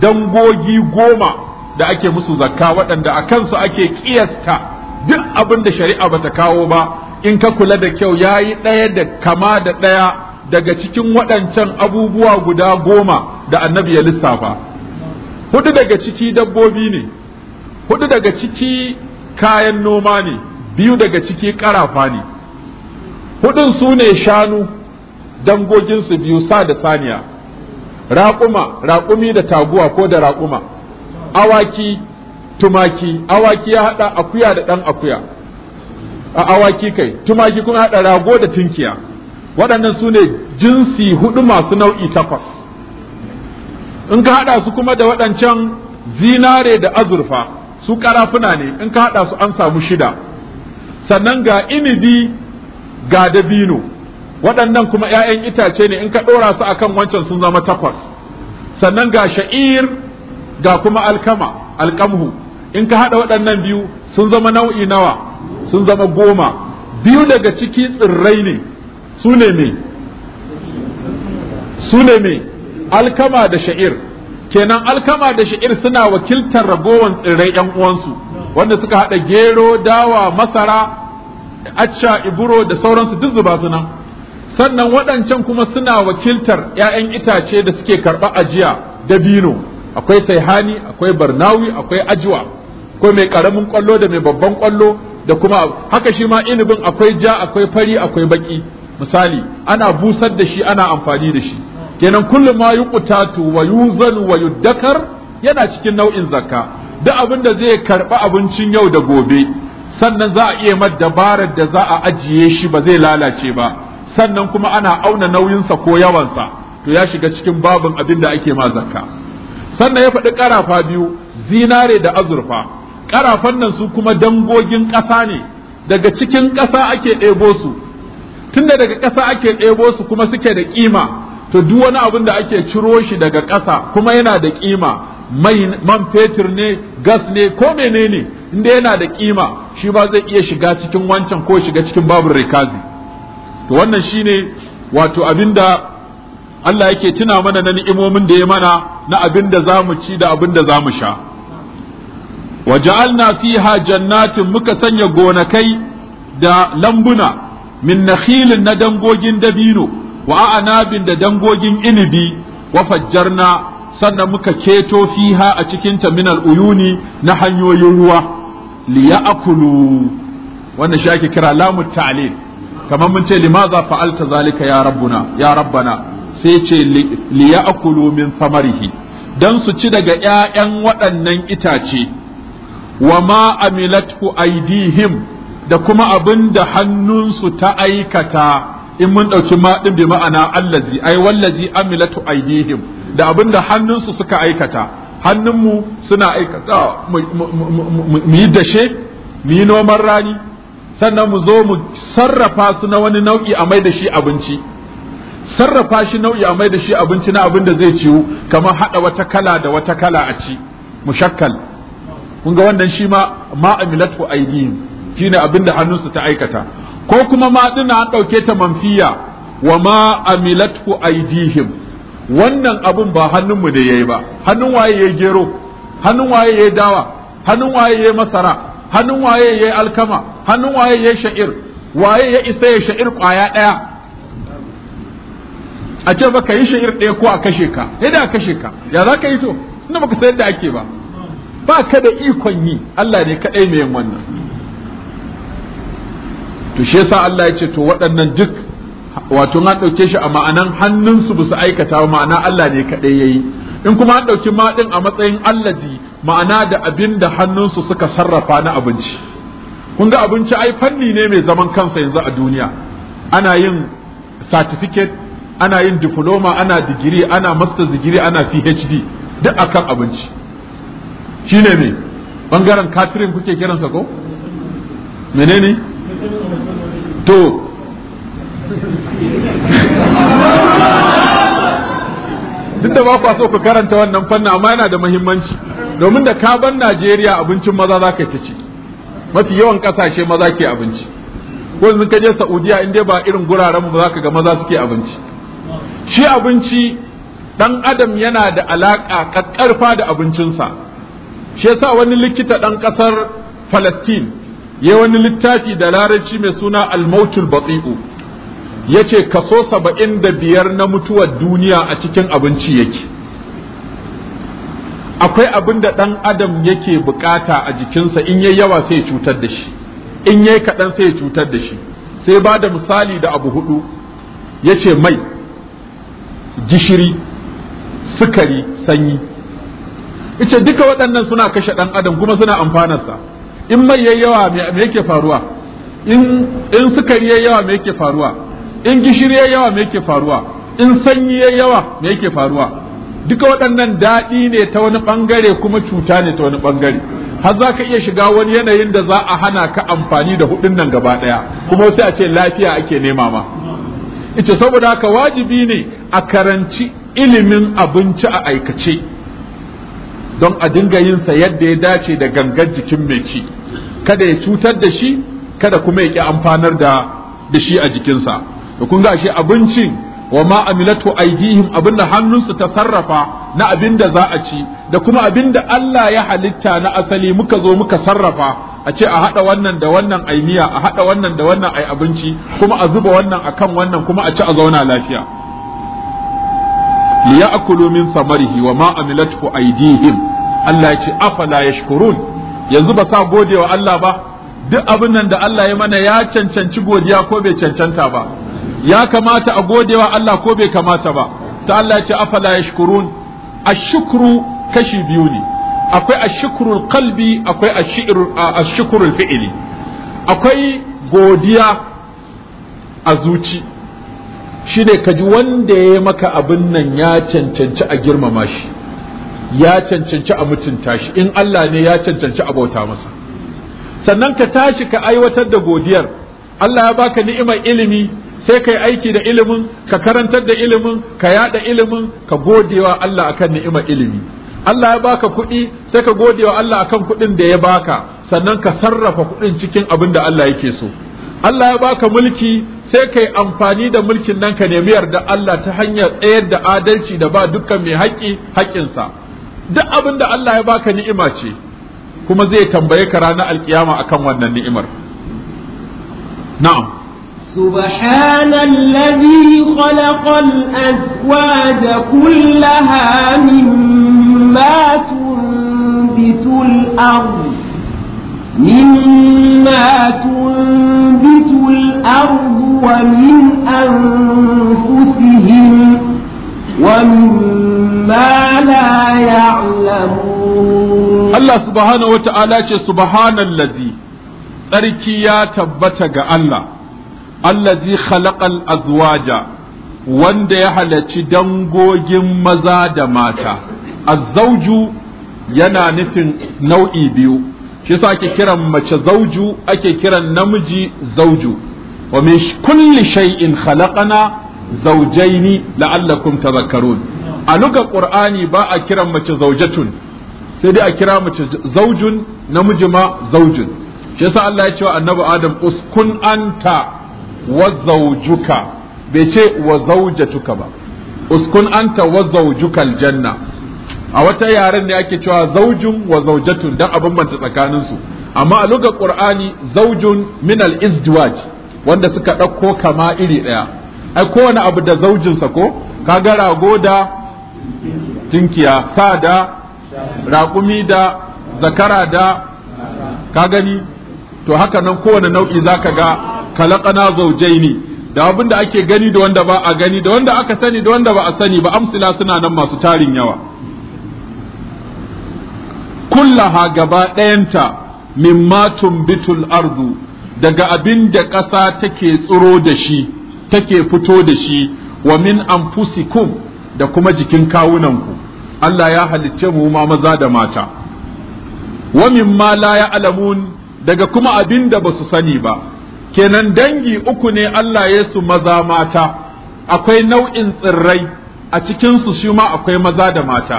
dangogi goma da ake musu zakka waɗanda a kansu ake kiyasta duk abin da shari'a bata kawo ba in ka kula da kyau yayi ɗaya da kama da ɗaya daga cikin waɗancan abubuwa guda goma da annabi ya lissafa hudu daga ciki dabbobi ne hudu daga ciki kayan noma ne biyu daga ciki ƙarafa ne hudun su ne shanu dangoginsu biyu sa da saniya raƙuma raƙumi da taguwa ko da raƙuma awaki tumaki awaki ya haɗa akuya da ɗan akuya a awaki kai tumaki kuma haɗa rago da tunkiya waɗannan su ne jinsi hudu masu nau'i takwas in ka haɗa su kuma da waɗancan zinare da azurfa su ƙarafuna ne in ka haɗa su an samu shida sannan ga inibi ga dabino waɗannan kuma 'ya'yan itace ne in ka ɗora su akan wancan sun zama takwas sannan ga sha'ir ga kuma alkama alkamhu in ka haɗa waɗannan biyu sun zama nau'i nawa sun zama goma biyu daga ciki tsirrai ne su ne me su ne me alkama da sha'ir kenan alkama da sha'ir suna wakiltar ragowar tsirrai 'yan uwansu wanda suka haɗa gero dawa masara acca iburo da sauransu duk zuba su nan sannan waɗancan kuma suna wakiltar 'ya'yan itace da suke karɓa ajiya dabino akwai saihani akwai barnawi akwai ajiwa, akwai mai ƙaramin ƙwallo da mai babban ƙwallo da kuma haka shi ma inibin akwai ja akwai fari akwai baƙi. misali ana busar da shi ana amfani da shi kenan kullum ma yi yuqtatu wa yuzanu wa yuddakar yana cikin nau'in zakka duk abin da zai karɓi abincin yau da gobe sannan za a iya madabarar da za a ajiye shi ba zai lalace ba sannan kuma ana auna nauyinsa ko yawansa to ya shiga cikin babin abin da ake ma zakka sannan ya faɗi ƙarafa biyu zinare da azurfa ƙarafan nan su kuma dangogin ƙasa ne daga cikin ƙasa ake ɗebo su tunda daga ƙasa ake ɗebo su kuma suke da ƙima to duk wani abin da ake ciro shi daga ƙasa kuma yana da ƙima man fetur ne gas ne ko menene inda yana da ƙima shi ba zai iya shiga cikin wancan ko shiga cikin babin rikazi to wannan shine wato abinda Allah yake tuna mana na ni'imomin da ya mana na abinda za mu ci da abinda za mu sha wa ja'alna fiha jannatin muka sanya gonakai da lambuna min nakhilin na dangogin dabino wa anabin da dangogin inibi wa fajjarna sannan muka keto fiha a cikin min al'uyuni na hanyoyin ruwa liya akulu wannan shi ake kira lamu ta'lil kamar mun ce limaza fa'alta zalika ya rabbuna ya rabbana sai ce li ya'kulu min thamarihi dan su ci daga ƴaƴan waɗannan itace wa ma amilatku aidihim da kuma abin da hannunsu ta aikata in mun ɗauki maɗin bi ma'ana allazi ai wallazi amilatu aidihim da abin da hannunsu suka aikata hannunmu suna aikata mu yi dashe mu yi noman rani sannan mu zo mu sarrafa su na wani nau'i a mai da shi abinci sarrafa shi nau'i a mai da shi abinci na abin da zai ciwu kamar haɗa wata kala da wata kala a ci mushakkal kun ga wannan shi ma ma amilatu aidin shine abin da hannunsu ta aikata ko kuma ma dina an dauke ta manfiya wa ma amilatu aidihim wannan abun ba hannunmu da yayi ba hannun waye ya gero hannun waye ya dawa hannun waye yayi masara hannun waye ya yi alkama hannun waye ya yi sha'ir waye ya isa ya sha'ir kwaya ɗaya a ce ka yi sha'ir ɗaya ko a kashe ka yadda a kashe ka ya za ka yi to ba baka sayar da ake ba ba ka da ikon yi Allah ne kaɗai mai yin wannan to shi yasa Allah ya ce to waɗannan duk wato na ɗauke shi a ma'anan hannunsu ba su aikata ma'ana Allah ne kaɗai ya yi in kuma an ɗauki maɗin a matsayin allazi ma'ana da abin da hannunsu suka sarrafa na abinci kun ga abinci ai fanni ne mai zaman kansa yanzu a duniya ana yin certificate ana yin diploma ana digiri ana master digiri ana phd duk akan abinci shine ne bangaren catering kuke kiransa ko menene to duk da ba ku so ku karanta wannan fannin amma yana da muhimmanci domin da ka ban Najeriya abincin maza za ka ci mafi yawan kasashe maza ke abinci ko yanzu ka je Saudiya in dai ba irin guraren ba za ka ga maza suke abinci shi abinci dan adam yana da alaka kakkarfa da abincinsa shi yasa wani likita dan kasar Palestine ya wani littafi da larabci mai suna al-mautul bati'u ya ce kaso saba'in da biyar na mutuwar duniya a cikin abinci yake akwai abin da ɗan adam yake bukata a jikinsa in yayi yawa sai ya cutar da shi in yayi kaɗan sai cutar da shi sai ba da misali da abu hudu ya ce mai gishiri sukari sanyi ice duka waɗannan suna kashe ɗan adam kuma suna amfanarsa in mai yayi yawa me yake faruwa in sukari yayi yawa me yake faruwa in gishiri ya yawa me yake faruwa in sanyi ya yawa me yake faruwa duka waɗannan daɗi ne ta wani ɓangare kuma cuta ne ta wani ɓangare har za ka iya shiga wani yanayin da za a hana ka amfani da hudun nan gaba ɗaya kuma sai a ce lafiya ake nema ma ita saboda haka wajibi ne a karanci ilimin abinci a aikace don a dinga yin sa yadda ya dace da gangan jikin mai ci kada ya cutar da shi kada kuma ya ƙi amfanar da da shi a jikinsa to kun ga ashe abincin wa ma amilatu aidihim abinda hannunsu ta sarrafa na abinda za a ci da kuma abinda Allah ya halitta na asali muka zo muka sarrafa a ce a hada wannan da wannan ai miya a hada wannan da wannan ai abinci kuma a zuba wannan akan wannan kuma a ci a zauna lafiya ya'kulu min samarihi wa ma amilatu aidihim Allah ya ce afala yashkurun yanzu ba sa godewa Allah ba duk abin nan da Allah ya mana ya cancanci godiya ko bai cancanta ba ya kamata a godewa Allah ko bai kamata ba ta Allah ya ce afala yashkurun kashi biyu ne akwai ashukrul qalbi akwai ashukrul fi'ili akwai godiya a zuci shi ne kaji wanda ya maka abin nan ya cancanci a girmama shi ya cancanci a mutunta shi in Allah ne ya cancanci a bauta masa sannan ka tashi ka aiwatar da godiyar Allah ya baka ni'imar ilimi sai kai aiki da ilimin ka karantar da ilimin ka yada ilimin ka godewa Allah akan ni'imar ilimi Allah ya baka kuɗi sai ka godewa Allah akan kuɗin da ya baka sannan ka sarrafa kuɗin cikin abin da Allah yake so Allah ya baka mulki sai kai amfani da mulkin nan ka nemi yarda Allah ta hanyar tsayar da adalci da ba dukkan mai haƙƙi haƙƙinsa duk abin da Allah ya baka ni'ima ce kuma zai tambaye ka ranar alkiyama akan wannan ni'imar na'am سبحان الذي خلق الأزواج كلها مما تنبت الأرض مما تنبت الأرض ومن أنفسهم ومما لا يعلمون الله سبحانه وتعالى سبحان الذي tsarki ya tabbata ga Allah allazi khalaqal azwaja wanda ya halarci dangogin maza da mata azzauju yana nufin nau'i biyu shi yasa ake kiran mace zauju ake kiran namiji zauju wa min kulli shay'in khalaqana zawjaini la'allakum tadhakkarun a lugar qur'ani ba a kiran mace zaujatun sai dai a kira mace zaujun namiji ma zaujun shi yasa Allah ya ce wa annabi Adam uskun anta Wazaujuka bai ce wa ba uskun anta wa aljanna a wata yaren ne ake cewa zaujun wa zaujatun dan a bambanta tsakanin su amma a lugar qur'ani zaujun min al wanda suka ɗauko kama iri ɗaya ai kowane abu da zaujinsa ko ka ga rago da tinkiya sa da raƙumi da zakara da ka gani to haka nan kowane nau'i za ka ga zaujai ne. da abin da ake gani da wanda ba a gani da wanda aka sani da wanda ba a sani ba amsila suna nan masu tarin yawa kullaha gaba ɗayanta mimma tumbitul ardu daga abin da ƙasa take tsiro da shi take fito da shi wa min anfusikum da kuma jikin kawunanku Allah ya halicce mu ma maza da mata wa mimma la ya alamun daga kuma abin da basu sani ba kenan dangi uku ne Allah ya su maza mata akwai nau'in tsirrai a cikin su ma akwai maza da mata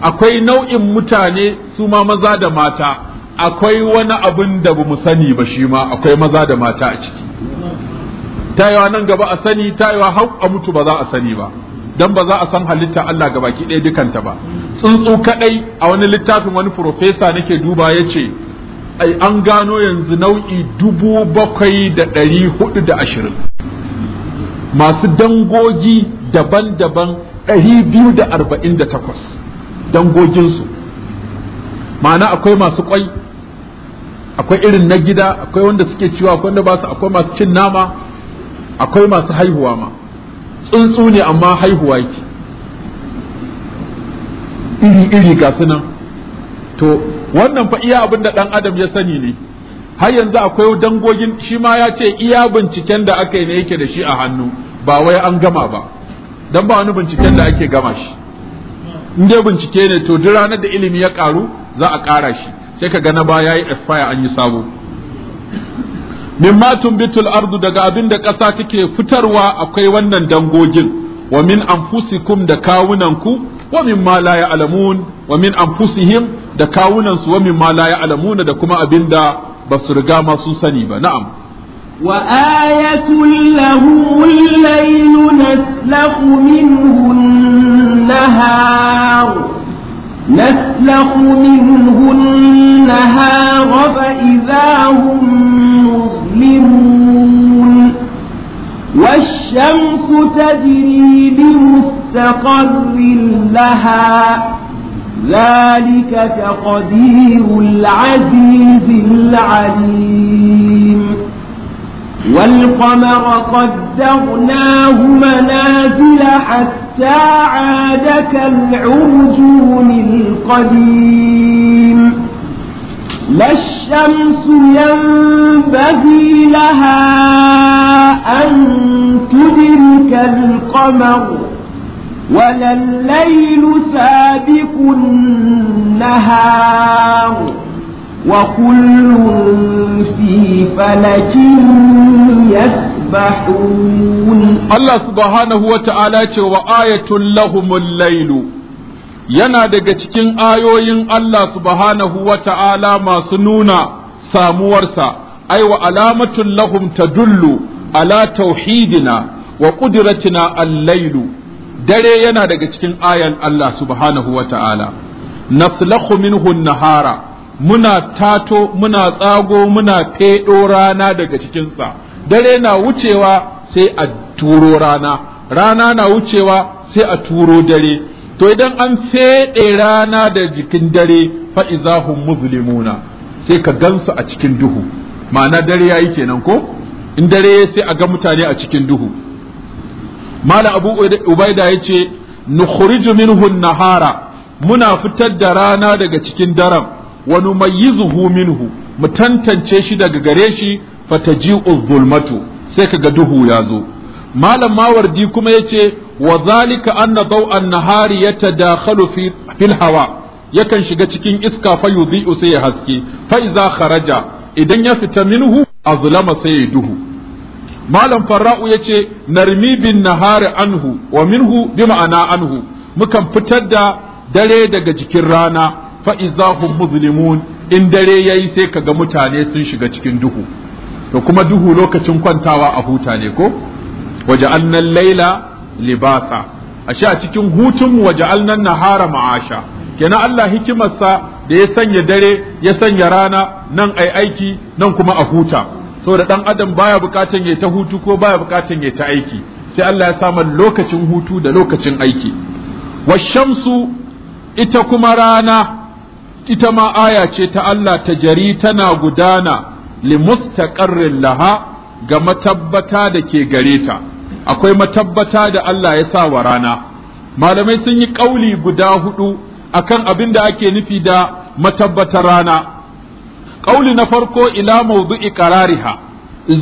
akwai nau'in mutane su ma maza da mata akwai wani abin da bamu sani ba shi ma akwai maza da mata a ciki tayewa nan gaba a sani tayewa har a mutu ba za a sani ba dan ba za a san halitta Allah ga baki ɗaya dukanta ba tsuntsu kadai a wani littafin wani profesa nake duba yace ai an gano yanzu nau'i dubu bakwai da ɗari hudu da ashirin masu dangogi daban-daban ɗari biyu da arba'in da takwas dangoginsu ma'ana akwai masu ƙwai akwai irin na gida akwai wanda suke cewa akwai wanda ba su akwai masu cin nama akwai masu haihuwa ma tsuntsu ne amma haihuwa yake iri-iri ga sunan to wannan fa iya abin da dan adam ya sani ne har yanzu akwai dangogin shi ma ya ce iya binciken da aka yi ne yake da shi a hannu ba wai an gama ba dan ba wani binciken da ake gama shi in dai bincike ne to duk ranar da ilimi ya karu za a kara shi sai ka ga na baya yi expire an yi sabo mimma bitul ardu daga abin da ƙasa take fitarwa akwai wannan dangogin wa min anfusikum da kawunanku wa mimma la ya'lamun wa min anfusihim da kawunan su wamin ma la ya'lamuna da kuma abinda ba su riga masu sani ba na'am wa ayatul lahum laylu naslakhu minhu nahar naslakhu minhu nahar fa idha hum mudlimun والشمس تجري بمستقر لها ذلك تقدير العزيز العليم والقمر قدرناه منازل حتى عاد كالعرجون القديم لا الشمس ينبغي لها أن تدرك القمر ولا الليل سابق النهار وكل في فلك يسبحون الله سبحانه وتعالى وآية لهم الليل yana daga cikin ayoyin Allah subhanahu wa ta'ala masu nuna samuwarsa, ai wa alamatun lahum tadullu ala tauhidina wa ƙudiratina allailu dare yana daga cikin ayan Allah subhanahu wa ta'ala naslakhu minhu nahara muna tato muna tsago muna feɗo rana daga cikinsa dare na wucewa sai a turo rana rana na wucewa sai a turo dare to idan an feɗe rana da jikin dare fa'izahun muzlimuna sai ka gansu a cikin duhu ma'ana dare ya yi kenan ko in dare sai a ga mutane a cikin duhu mala abu ubaida ya ce nukhriju minhu nahara muna fitar da rana daga cikin daren wa numayyizuhu minhu mu tantance shi daga gare shi fataji'u uzulmatu, sai kaga duhu ya zo malam mawardi kuma yace wa zalika anna daw'an nahari yatadakhalu fi fil hawa yakan shiga cikin iska fa yudhi'u sai haske fa idza kharaja idan ya fita minhu azlama sai ya duhu malam farra'u yace narmi bin nahari anhu wa minhu bi ma'ana anhu mukan fitar da dare daga jikin rana fa izahum muzlimun in dare yayi sai kaga mutane sun shiga cikin duhu to kuma duhu lokacin kwantawa a huta ne ko waja'alna Layla, libasa ashe a cikin hutun mu waja'alnan nahara ma'asha kenan Allah hikimarsa da ya sanya dare ya sanya rana nan ai aiki nan kuma a huta saboda dan adam baya bukatan ya ta hutu ko baya bukatan ya ta aiki sai Allah ya sama lokacin hutu da lokacin aiki washamsu ita kuma rana ita ma aya ce ta Allah ta jari tana gudana li mustaqarrin laha ga matabbata da ke gare ta akwai matabbata da Allah ya sa wa rana malamai sun yi kauli guda hudu akan abin da ake nufi da matabbatar rana ƙauli na farko ila mawdu'i qarariha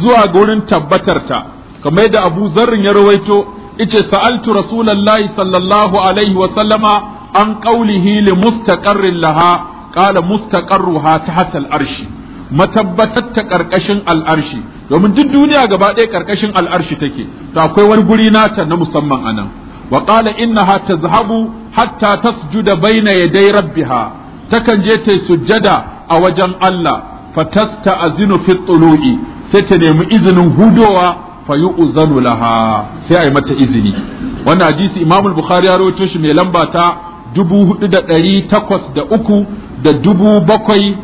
zuwa gurin tabbatarta kamar da Abu Zarrin ya rawaito ice sa'altu rasulullahi sallallahu alaihi wa sallama an ƙauli li mustaqarrin laha qala mustaqarruha ta al-arshi matabbatar ta karkashin al'arshi domin duk duniya gaba ɗaya karkashin al'arshi take to akwai wani guri nata na musamman anan wa qala innaha tazhabu hatta tasjuda baina yaday rabbiha takan je ta sujjada a wajen Allah fatasta azinu fi tulu'i sai ta nemi izinin hudowa fa yu'zanu laha sai ai mata izini wannan hadisi Imam Bukhari ya rawaito shi mai lamba ta 4803 da ɗari da da da da uku dubu bakwai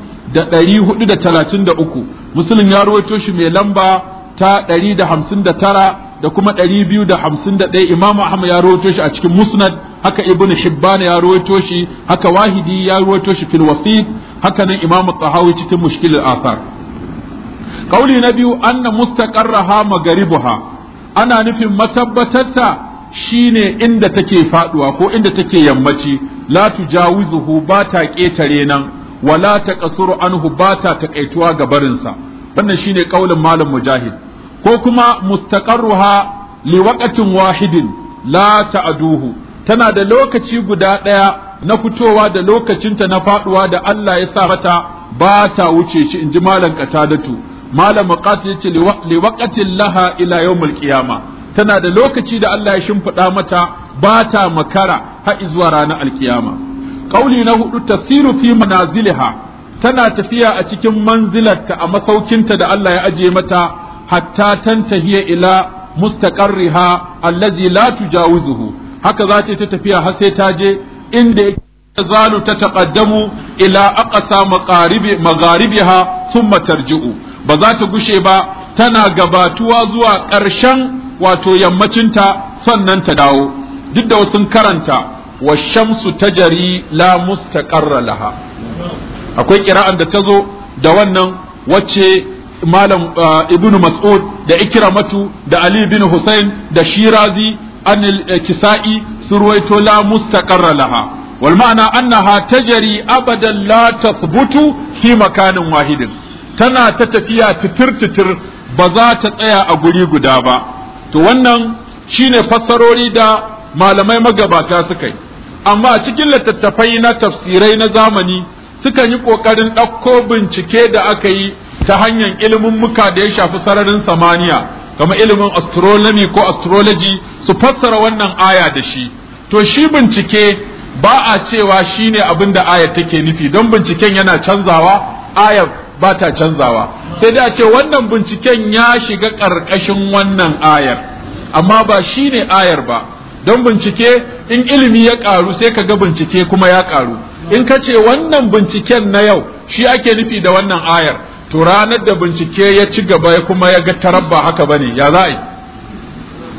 talatin uku. Muslim ya rawaito shi mai lamba ta ɗari da da tara kuma 251 Imam Ahmad ya rawaito shi a cikin Musnad haka Ibn Hibban ya rawaito shi haka Wahidi ya rawaito shi fil Wasit haka nan Imam Tahawi cikin Mushkil al-Athar Kauli na biyu anna mustaqarraha magaribuha ana nufin matabbatarta shine inda take faduwa ko inda take yammaci la tujawizuhu ba ta ketare nan wala taqsuru anhu ba ta takaituwa ga barinsa wannan shine kaulin malam mujahid ko kuma mustaqarruha liwaqatin wahidin la ta'duhu tana da lokaci guda ɗaya na fitowa da lokacinta na faduwa da Allah ya sa mata ba ta wuce shi inji malam qatadatu malam muqatil yace liwaqatin laha ila yawmil qiyama tana da lokaci da Allah ya shimfiɗa mata ba ta makara har zuwa ranar alkiyama Ƙauli na hudu tasiru fi manaziliha tana tafiya a cikin manzilarta a masaukinta da Allah ya ajiye mata hatta tantahiya ila mustaqarriha allazi la tujawizuhu haka za ta tafiya har sai ta je inda yake zalu ta taƙaddamu ila aƙasa magaribiha magharibiha thumma tarji'u ba za ta gushe ba tana gabatuwa zuwa ƙarshen wato yammacinta sannan ta dawo duk da wasu karanta wa shamsu tajari la mustaqarra akwai kira'an da ta zo da wannan wacce malam uh, ibnu mas'ud da ikramatu da ali bin husain da shirazi an kisa'i surwaito la mustaqarra laha wal ma'ana annaha tajri abadan la tathbutu fi makanin wahidin tana ta tafiya titir titir ba za ta tsaya a guri guda ba to wannan shine fassarori da malamai magabata suka yi amma cikin littattafai na tafsirai na zamani sukan yi ƙoƙarin ɗauko bincike da aka yi ta hanyar ilimin muka da ya shafi sararin samaniya kamar ilimin astronomy ko astrology su fassara wannan aya da shi to shi bincike ba a cewa shine abin da aya take nufi don binciken yana canzawa aya ba ta canzawa sai da ce wannan binciken ya shiga ƙarƙashin wannan ayar amma ba shine ayar ba don bincike in ilimi ya ƙaru sai ka ga bincike kuma ya ƙaru in ka ce wannan binciken na yau shi ake nufi da wannan ayar to ranar da bincike ya ci gaba ya kuma ya ga tarabba haka bane ya za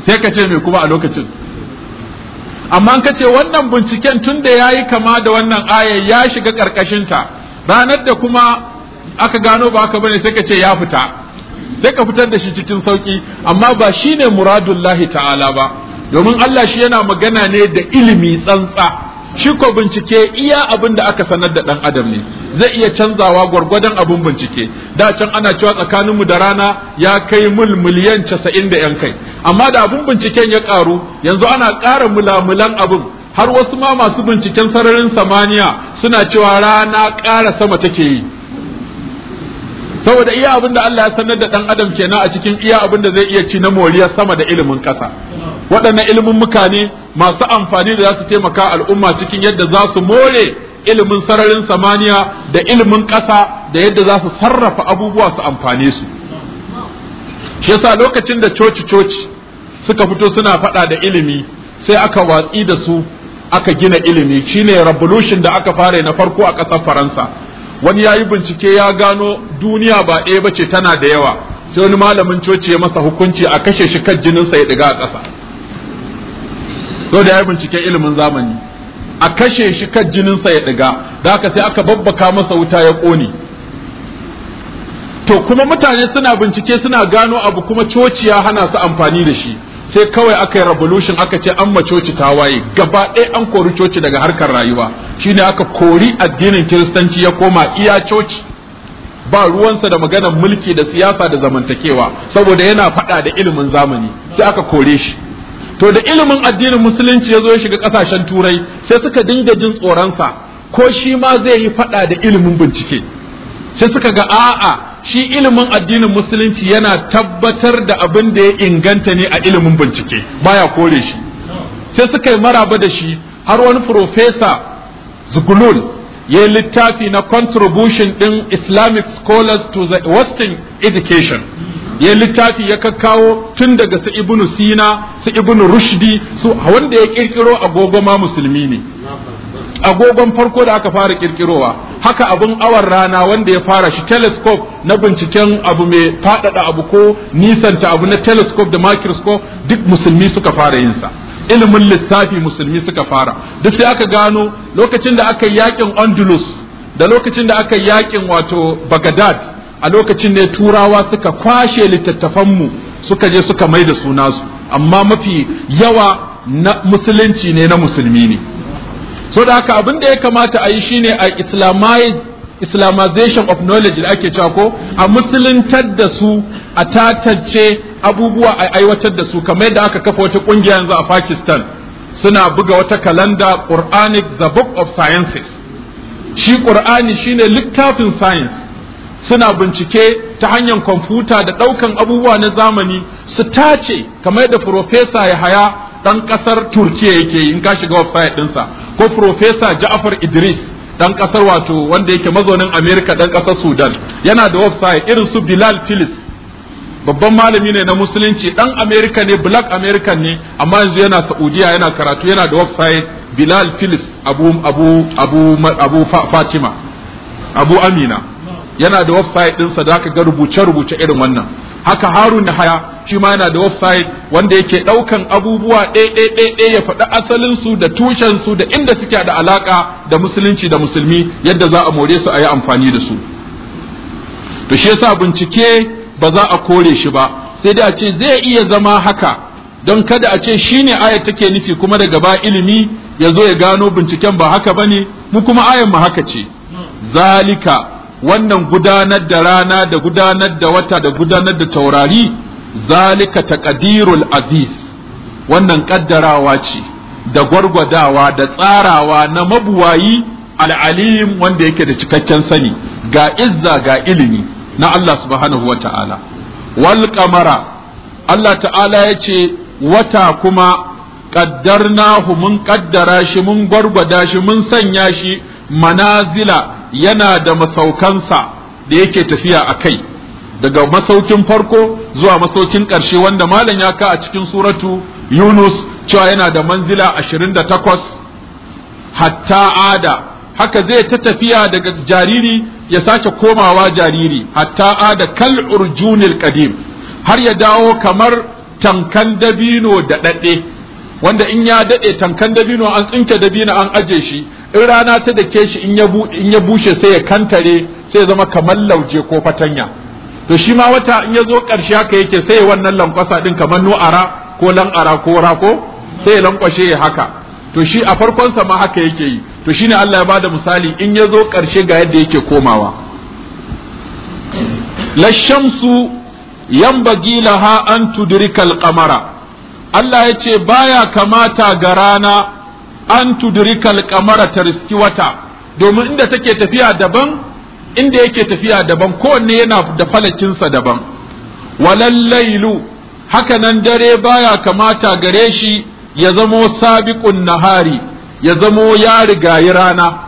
sai ka ce me kuma a lokacin amma ka ce wannan binciken tun da ya yi kama da wannan aya ya shiga ta ranar da kuma aka gano ba haka bane sai ka ce ya fita sai ka fitar da shi cikin sauki amma ba shine muradullahi ta'ala ba domin Allah shi yana magana ne da ilimi tsantsa shi ko bincike iya abin da aka sanar da dan adam ne zai iya canzawa gwargwadon abin bincike da can ana cewa tsakanin mu da rana ya kai mul miliyan casa'in da yan kai amma da abin binciken ya karu yanzu ana ƙara mulamulan abin har wasu ma masu binciken sararin samaniya suna cewa rana ƙara sama take yi saboda iya abin da Allah ya sanar da dan adam kenan a cikin iya abin da zai iya ci na moriya sama da ilimin ƙasa. waɗannan ilimin mukane masu amfani da za su taimaka al'umma cikin yadda za su more ilimin sararin samaniya da ilimin ƙasa da yadda za su sarrafa abubuwa su amfane su shi yasa lokacin da coci coci suka fito suna faɗa da ilimi sai aka watsi da su aka gina ilimi shine revolution da aka fara na farko a ƙasar faransa wani ya yi bincike ya gano duniya ba ɗaya ba ce tana da yawa sai wani malamin coci ya masa hukunci a kashe shi kan jininsa ya diga a ƙasa da ya yi binciken ilimin zamani a kashe shi kan jininsa ya ɗiga da haka sai aka babbaka masa wuta ya ƙone to kuma mutane suna bincike suna gano abu kuma coci ya hana su amfani da shi sai kawai aka yi revolution aka ce an macoci ta waye gaba ɗaya an kori coci daga harkar rayuwa shine aka kori addinin kiristanci ya koma iya coci ba ruwansa da maganar mulki da siyasa da zamantakewa saboda yana faɗa da ilimin zamani sai aka kore shi to da ilimin addinin musulunci ya zo ya shiga ƙasashen turai sai suka dinga jin tsoron sa, ko shi ma zai yi faɗa da ilimin bincike sai suka ga a'a shi ilimin addinin musulunci yana tabbatar da abin da ya inganta ne a ilimin bincike baya kore shi sai suka yi maraba da shi har wani profesa zugulul ya yi littafi na contribution din islamic scholars to the western education ya yi littafi ya kakkawo tun daga su ibnu sina su ibnu rushdi su wanda ya kirkiro agogoma musulmi ne agogon farko da aka fara kirkirowa haka abin awar rana wanda ya fara shi telescope na binciken abu mai faɗaɗa abu ko nisanta abu na telescope da microscope duk musulmi suka fara yin sa ilimin lissafi musulmi suka fara duk sai aka gano lokacin da aka yakin Andalus da lokacin da aka yakin wato Baghdad a lokacin ne turawa suka kwashe littattafanmu suka je suka mai da su amma mafi yawa na musulunci ne na musulmi ne so da haka abin da ya kamata a yi shine a islamization of knowledge da ake cewa ko a musuluntar da su a tatance abubuwa a aiwatar da su kamar da aka kafa wata kungiya yanzu a Pakistan suna buga wata kalanda Quranic the book of sciences shi Qur'ani shine littafin science suna bincike ta hanyar kwamfuta da ɗaukan abubuwa na zamani su tace kamar da Profesa Yahaya dan kasar turkiya yake yi in ka shiga website ɗinsa ko professor ja'far idris dan kasar wato wanda yake mazaunin america dan kasar sudan yana da website irin su bilal filis babban malami ne na musulunci dan america ne black american ne amma yanzu yana saudiya yana karatu yana da website bilal filis abu abu abu fatima abu amina yana da website ɗinsa da aka ga rubuce-rubuce irin wannan haka harun da haya shi ma yana da website wanda yake ɗaukan abubuwa ɗaya ya faɗi asalinsu da tushensu da inda suke da alaƙa da musulunci da musulmi yadda za a more su a yi amfani da su to shi yasa bincike ba za a kore shi ba sai dai a ce zai iya zama haka don kada a ce shi shine aya take nufi kuma daga ba ilimi ya zo ya gano binciken ba haka bane mu kuma ayan mu haka ce zalika wannan gudanar da rana da gudanar da wata da gudanar da taurari zalika taqdirul aziz wannan kaddarawa ce da gwargwadawa da tsarawa na mabuwayi al'alim wanda yake da cikakken sani ga izza ga ilimi na Allah subhanahu wa ta'ala wal kamara Allah ta'ala ya ce wata kuma ƙaddarnahu mun ƙaddara shi mun gwargwada shi mun sanya shi manazila yana da masaukansa da yake tafiya a kai daga masaukin farko zuwa masaukin ƙarshe wanda malam ya ka a cikin suratu yunus cewa yana da manzila ashirin da takwas hatta ada haka zai ta tafiya daga jariri ya sake komawa jariri hatta ada kal urjunil qadim har ya dawo kamar tankan dabino da ɗaɗe wanda in ya daɗe tankan dabino an tsinke dabino an aje shi in rana ta dake shi in ya bushe sai ya kantare sai ya zama kamar lauje ko fatanya to shi ma wata in ya zo ƙarshe haka yake sai wannan lankwasa ɗin kamar nu'ara ko lan-ara ko rako sai lankwashe ya haka to shi a farkon sa ma haka yake yi to shine Allah ya bada misali in ya zo ƙarshe ga yadda yake komawa la shamsu yanbaghi laha an tudrika al-qamara Allah ya ce ba ya kamata ga rana an tudrikal kamara ta riski wata domin inda take tafiya daban inda yake tafiya daban kowanne yana da falakinsa daban walal lailu haka nan dare baya kamata gare shi ya zamo sabiqun nahari ya zamo ya rigayi rana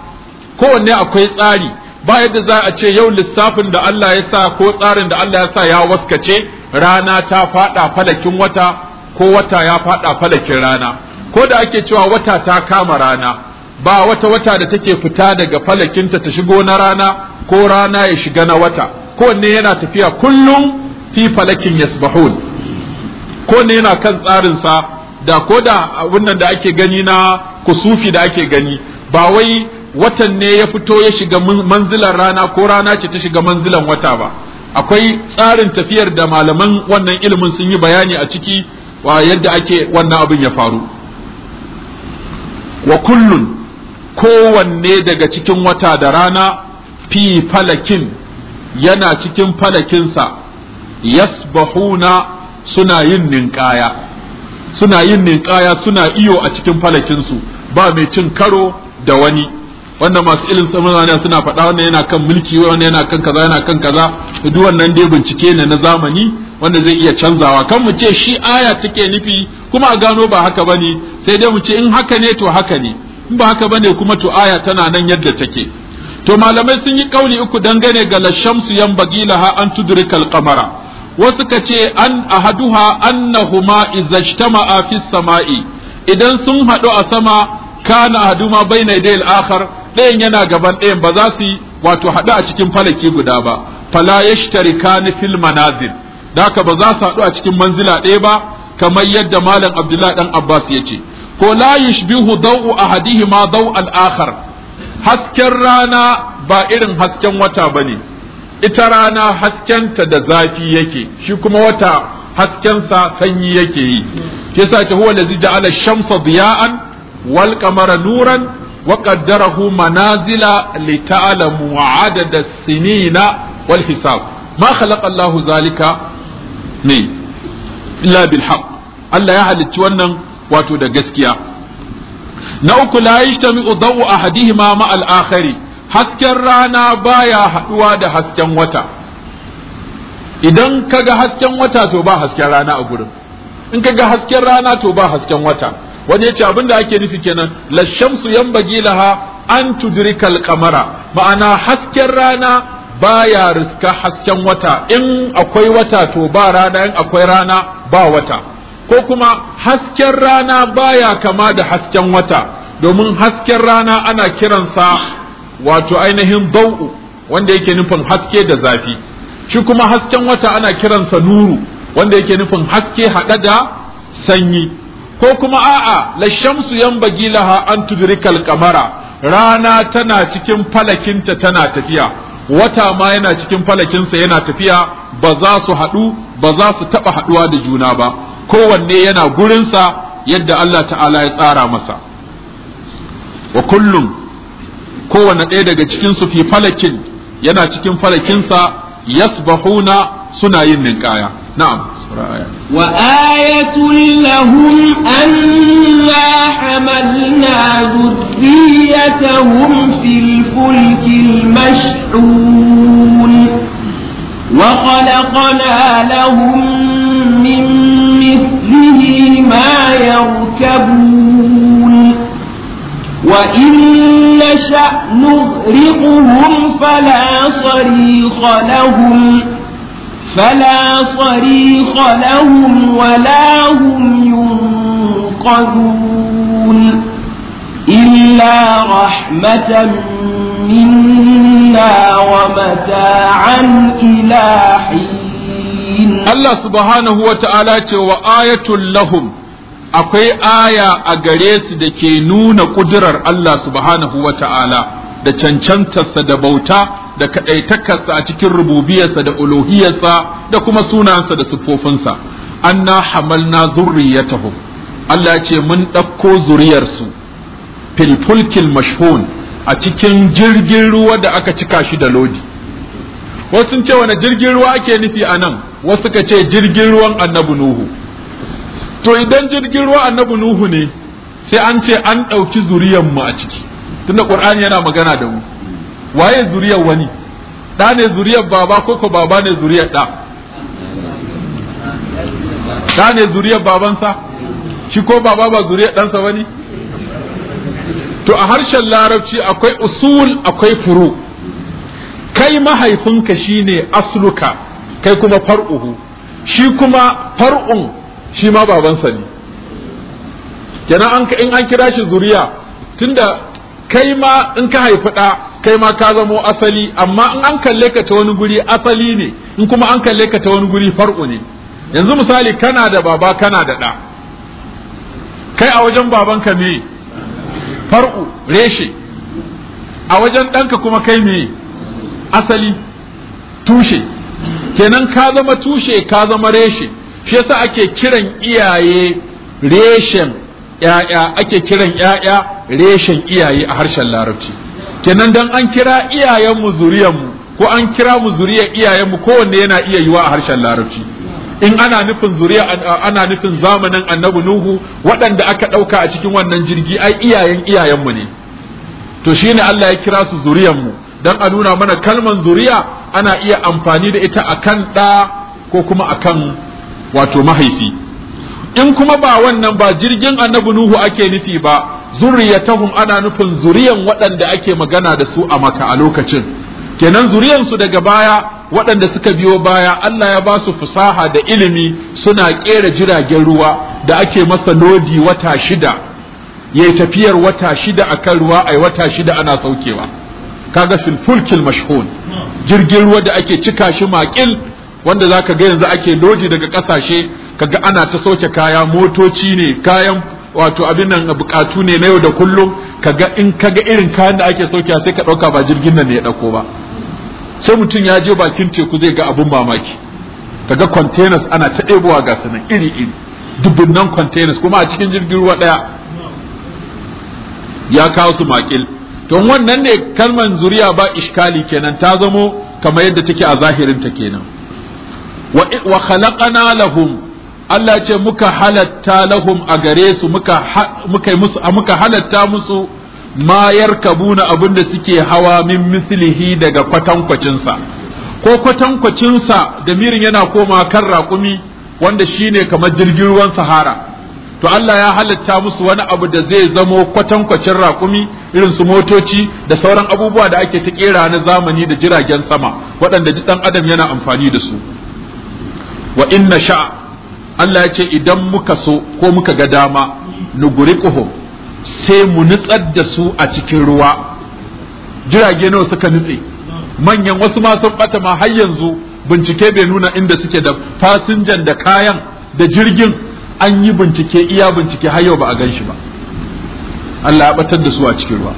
kowanne akwai tsari ba yadda za a ce yau lissafin da Allah ya sa ko tsarin da Allah ya sa ya waskace rana ta fada falakin wata ko wata ya faɗa falakin rana ko da ake cewa wata ta kama rana ba wata wata da take fita daga falakinta ta shigo na rana ko rana ya shiga na wata Ko ne yana tafiya kullum fi falakin yasbahun ne yana kan tsarinsa da ko da wannan da ake gani na kusufi da ake gani ba wai watan ne ya fito ya shiga manzilan rana ko rana ce ta shiga manzilan wata ba akwai tsarin tafiyar da malaman wannan ilimin sun yi bayani a ciki wa yadda ake wannan abin ya faru wa kullun kowanne daga cikin wata da rana fi falakin yana cikin falakinsa yasbahuna suna yin ninkaya suna yin ninkaya suna iyo a cikin falakinsu ba mai cin karo da wani Wannan masu ilin samaniya suna faɗa wannan yana kan mulki wannan yana kan kaza yana kan kaza duk wannan dai bincike ne na zamani wanda zai iya canzawa kan mu ce shi aya take nufi kuma a gano ba haka bane sai dai mu ce in haka ne to haka ne in ba haka bane kuma to aya tana nan yadda take to malamai sun yi kauli uku dangane ga shamsu yan bagilaha an tudrikal qamara wasu ka ce an ahaduha annahuma izajtama'a fi sama'i idan sun haɗu a sama kana ahaduma bayna idil akhar ɗayan yana gaban ɗayan ba za su wato haɗu a cikin falaki guda ba fala yashtarikani fil manazil da haka ba za su haɗu a cikin manzila ɗaya ba kamar yadda malam abdullahi dan abbas ya ce ko la yushbihu daw'u ahadihima daw al-akhar hasken rana ba irin hasken wata ba ne. ita rana haskenta da zafi yake shi kuma wata haskensa sanyi yake yi yasa ta huwa allazi ja'ala shamsa diya'an wal qamara nuran wa qaddarahu manazila li ta'lamu adada sinina wal hisab ma khalaqa Allahu zalika ne illa bil haqq Allah ya halicci wannan wato da gaskiya na uku la yajtami'u dawu ahadihima ma al-akhari hasken rana baya haduwa da hasken wata idan kaga hasken wata to ba hasken rana a gurin in kaga hasken rana to ba hasken wata wani yace abin da ake nufi kenan la shamsu yanbaghi laha an tudrikal qamara ma'ana hasken rana baya riska hasken wata in akwai wata to ba rana in akwai rana ba wata ko kuma hasken rana baya kama da hasken wata domin hasken rana ana kiransa wato ainihin bau'u wanda yake nufin haske da zafi shi kuma hasken wata ana kiransa nuru wanda yake nufin haske haɗe da sanyi ko kuma a'a la shamsu yanbaghi laha an tudrikal qamara rana tana cikin falakinta tana tafiya wata ma yana cikin falakinsa yana tafiya ba za su haɗu ba za su taɓa haɗuwa da juna ba kowanne yana gurinsa yadda Allah ta'ala ya tsara masa wa kullum kowanne ɗaya daga cikinsu fi falakin yana cikin falakinsa yasbahuna suna yin ninkaya na'am وآية لهم أنا حملنا ذريتهم في الفلك المشحون وخلقنا لهم من مثله ما يركبون وإن نشأ نغرقهم فلا صريخ لهم فلا صريخ لهم ولا هم ينقذون إلا رحمة منا ومتاعا إلى حين الله سبحانه وتعالى وآية لهم akwai aya a gare su da ke nuna ƙudurar Allah subhanahu wa ta'ala da cancantarsa da bauta da kaɗaitakarsa a cikin rububiyarsa da uluhiyarsa da kuma sunansa da siffofinsa anna hamalna zurriyatahum Allah ce mun ɗauko zuriyarsu fil fulkil mashhun a cikin jirgin ruwa da aka cika shi da lodi wasu sun ce wani jirgin ruwa ake nufi a nan wasu ka ce jirgin ruwan annabi nuhu to idan jirgin ruwa annabi nuhu ne sai an ce an ɗauki zuriyar mu a ciki tunda qur'ani yana magana da mu waye zuriyar wani ɗa ne zuriyar baba ko ko baba ne zuriyar ɗa ɗa ne zuriyar babansa shi ko baba ba zuriyar ɗansa ba ne to a harshen larabci akwai usul akwai furu kai mahaifinka shine asluka kai kuma far'uhu shi kuma far'un shi ma babansa ne kenan an in an kira shi zuriya tunda kai ma in ka haifi ɗa kai ma ka zamo asali amma in an kalle ka ta wani guri asali ne in kuma an kalle ka ta wani guri far'u ne yanzu misali kana da baba kana da ɗa kai a wajen babanka me far'u reshe a wajen ɗanka kuma kai me asali tushe kenan ka zama tushe ka zama reshe shi yasa ake kiran iyaye reshen ‘ya'ya ake kiran ‘ya'ya reshen iyaye a harshen larabci kenan dan an kira iyayenmu zuriyanmu ko an kira mu zuriyar iyayenmu kowanne yana iya yiwa a harshen larabci in ana nufin zuriya ana nufin zamanin annabi nuhu waɗanda aka ɗauka a cikin wannan jirgi ai iyayen iyayenmu ne to shine Allah ya kira su zuriyanmu dan a nuna mana kalman zuriya ana iya amfani da ita akan ɗa ko kuma akan wato mahaifi in kuma ba wannan ba jirgin annabi nuhu ake nufi ba tahun ana nufin zuriyan waɗanda ake magana da su a maka a lokacin kenan su daga baya waɗanda suka biyo baya Allah ya ba su fusaha da ilimi suna ƙera jiragen ruwa da ake masa lodi wata shida ya tafiyar wata shida a kan ruwa a wata shida ana saukewa kaga fulkil mashhun jirgin ruwa da ake cika shi maƙil wanda zaka ga yanzu ake loji daga ƙasashe kaga ana ta sauke kaya motoci ne kayan wato abin nan bukatu ne na yau da kullum kaga in kaga irin kayan da ake sauke sai ka ɗauka ba jirgin nan ne ya ɗauko ba sai mutum ya je bakin teku zai ga abun mamaki kaga containers ana ta ɗebowa ga sanan iri iri containers kuma a cikin jirgin ruwa ɗaya ya kawo su makil Don wannan ne kalman zuriya ba ishkali kenan ta zamo kamar yadda take a zahirin ta kenan wa khalaqana lahum Allah ce muka halatta lahum a gare su muka muka musu muka halatta musu ma yarkabuna abinda suke hawa min mislihi daga kwatankwacinsa ko kwatankwacinsa da mirin yana koma kan raƙumi wanda shine kamar jirgin ruwan sahara to Allah ya halatta musu wani abu da zai zamo kwatankwacin raƙumi irin su motoci da sauran abubuwa da ake ta kera na zamani da jiragen sama waɗanda ji ɗan adam yana amfani da su wa inna sha Allah ya ce idan muka so ko muka ga dama nugurikuhum sai mu nutsar da su a cikin ruwa jirage nawa suka nutse manyan wasu ma sun bata ma har yanzu bincike bai nuna inda suke da fasinjan da kayan da jirgin an yi bincike iya bincike har yau ba a gan shi ba Allah ya batar da su a cikin ruwa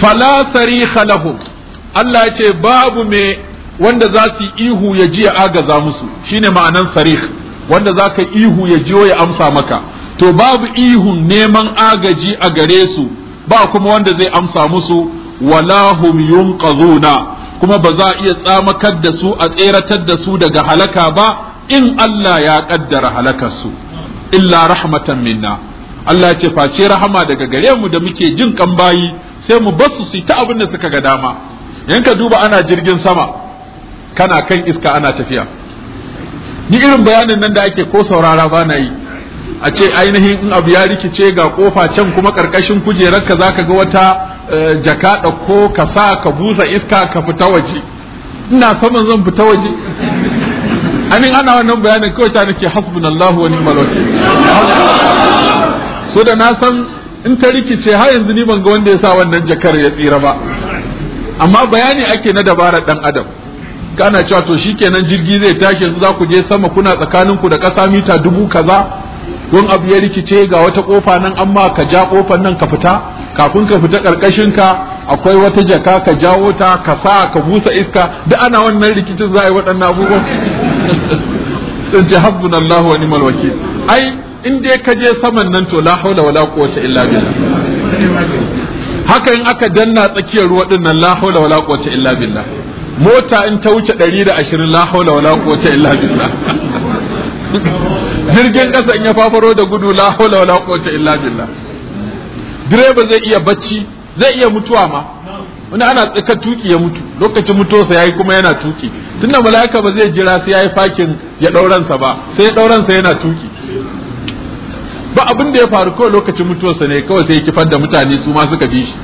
fala sariha lahum Allah ya ce babu me wanda za su ihu ya ji ya agaza musu shine ma'anan sarih wanda za ka ihu ya jiyo ya amsa maka to babu ihun neman agaji a gare su ba kuma wanda zai amsa musu wala hum yunqazuna kuma ba za iya tsamakar da su a tseratar da su daga halaka ba in Allah ya kaddara halakar su illa rahmatan minna Allah ce face rahama daga gare mu da muke jin kan bayi sai mu basu su ta abin da suka ga dama yanka duba ana jirgin sama kana kan iska ana tafiya ni irin bayanin nan da ake ko saurara ba na yi a ce ainihin in abu ya rikice ga kofa can kuma karkashin kujerar ka zaka ga wata eh, jaka da ko ka sa ka busa iska ka fita waje ina saman zan fita waje amin ana wannan bayanin kawai ta nake hasbunallahu wa ni'mal wakeel so da na san in ta rikice har yanzu ni ban ga wanda ya sa wannan jakar ya tsira ba amma bayani ake na dabara dan adam kana cewa to shikenan jirgi zai tashi yanzu za ku je sama kuna tsakaninku da kasa mita dubu kaza don abu ya rikice ga wata kofa nan amma ka ja kofan nan ka fita kafin ka fita karkashin ka akwai wata jaka ka jawo ta ka sa ka busa iska da ana wannan rikicin za a yi waɗannan abubuwan [LAUGHS] sun habbun Allah wa ni'mal wakil ai in dai ka je saman nan to la haula wala quwwata illa billah haka in aka danna tsakiyar ruwa din nan la haula wala quwwata illa billah mota in ta wuce 120 la haula wala quwwata illa billah [LAUGHS] jirgin ƙasa in ya fafaro da gudu la haula wala quwwata illa billah direba zai iya bacci zai iya mutuwa ma wani ana tsaka tuki ya mutu lokacin mutuwarsa yayi kuma yana tuki tunda mala'ika ba zai jira sai yayi fakin ya dauransa ba sai ya dauransa yana tuki ba abin da ya faru kawai lokacin mutuwarsa ne kawai sai kifar da mutane su ma suka bi shi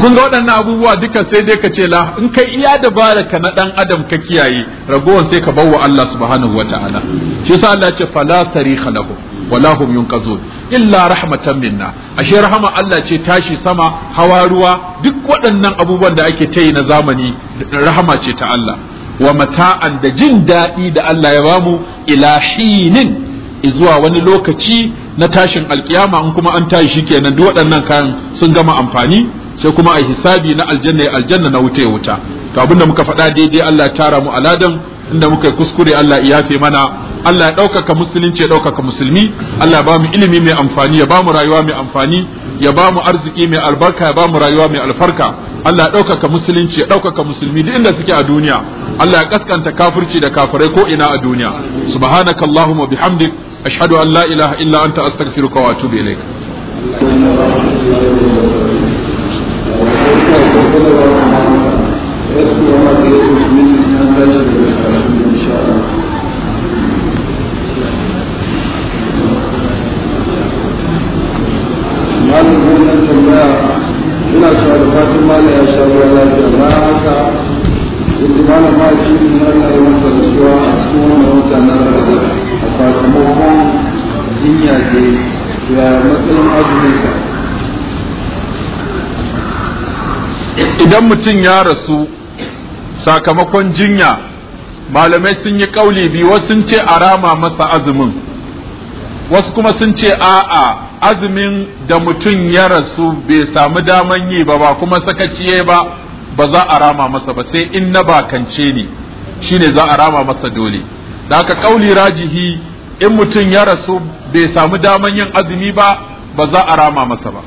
kun ga waɗannan abubuwa duka sai dai ka ce la in ka iya dabara ka na dan adam ka kiyaye ragowar sai ka bawa Allah subhanahu ta'ala shi yasa Allah ya ce fala sari lahu wala hum yunqazun illa rahmatan minna ashe rahama Allah ce tashi sama hawa ruwa duk waɗannan abubuwan da ake tayi na zamani rahama ce ta Allah wa mata'an da jin daɗi da Allah ya bamu ila ilahinin zuwa wani lokaci na tashin alkiyama in kuma an tashi shikenan duk waɗannan kayan sun gama amfani sai kuma a hisabi na aljanna ya aljanna na wuta ya wuta to abinda muka faɗa daidai Allah ya tara mu aladan inda muka yi kuskure Allah ya yafe mana Allah ya ɗaukaka musulunci ya ɗaukaka musulmi Allah ya ba mu ilimi mai amfani ya ba mu rayuwa mai amfani ya ba mu arziki mai albarka ya ba mu rayuwa mai alfarka Allah ya ɗaukaka musulunci ya ɗaukaka musulmi duk inda suke a duniya Allah ya kaskanta kafirci da kafirai ko ina a duniya subhanakallahumma bihamdik ashhadu an la ilaha illa anta astaghfiruka wa atubu ilaik Malam wannan tambaya ina da fatan malam ya sha idan mutum ya rasu sakamakon jinya malamai sun yi kauli biyu wasu sun ce a rama masa azumin wasu kuma sun ce a'a azumin da mutum ya rasu bai samu daman yi ba ba kuma sakaciye ba ba za a rama masa ba sai in na bakance ne shine za a rama masa dole da aka kauli rajihi in mutum ya rasu bai samu daman yin azumi ba ba za a rama masa ba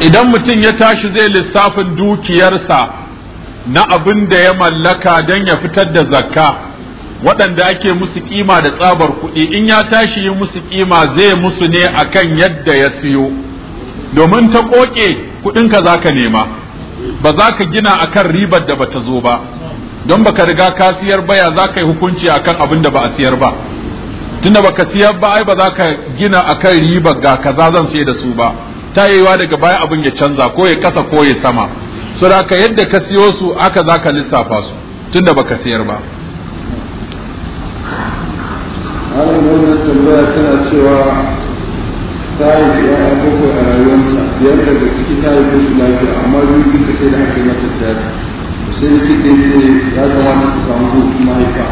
idan mutum ya tashi zai lissafin dukiyarsa na abin da ya mallaka don ya fitar da zakka waɗanda ake musu kima da tsabar kuɗi in ya tashi yi musu kima zai musu ne akan yadda ya siyo domin ta ƙoƙe kuɗinka za ka nema ba za ka gina akan ribar da bata zo ba don ka riga ka siyar baya za ka yi hukunci akan abin da ba a siyar ba tunda ba ka siyar ba ai ba za ka gina akan ribar ga kaza zan siye da su ba ta yiwa daga baya abin ya canza ko ya kasa ko ya sama so ka yadda ka siyo su aka za ka lissafa su tunda ba ka siyar ba halin wannan tambaya tana cewa ta yi ya abubuwa a rayuwarta biyar daga ciki ta yi su lafiya amma biyu duka sai da aka yi mata tiyata sai likita ya ce ya kamata ta samu hutun mahaifa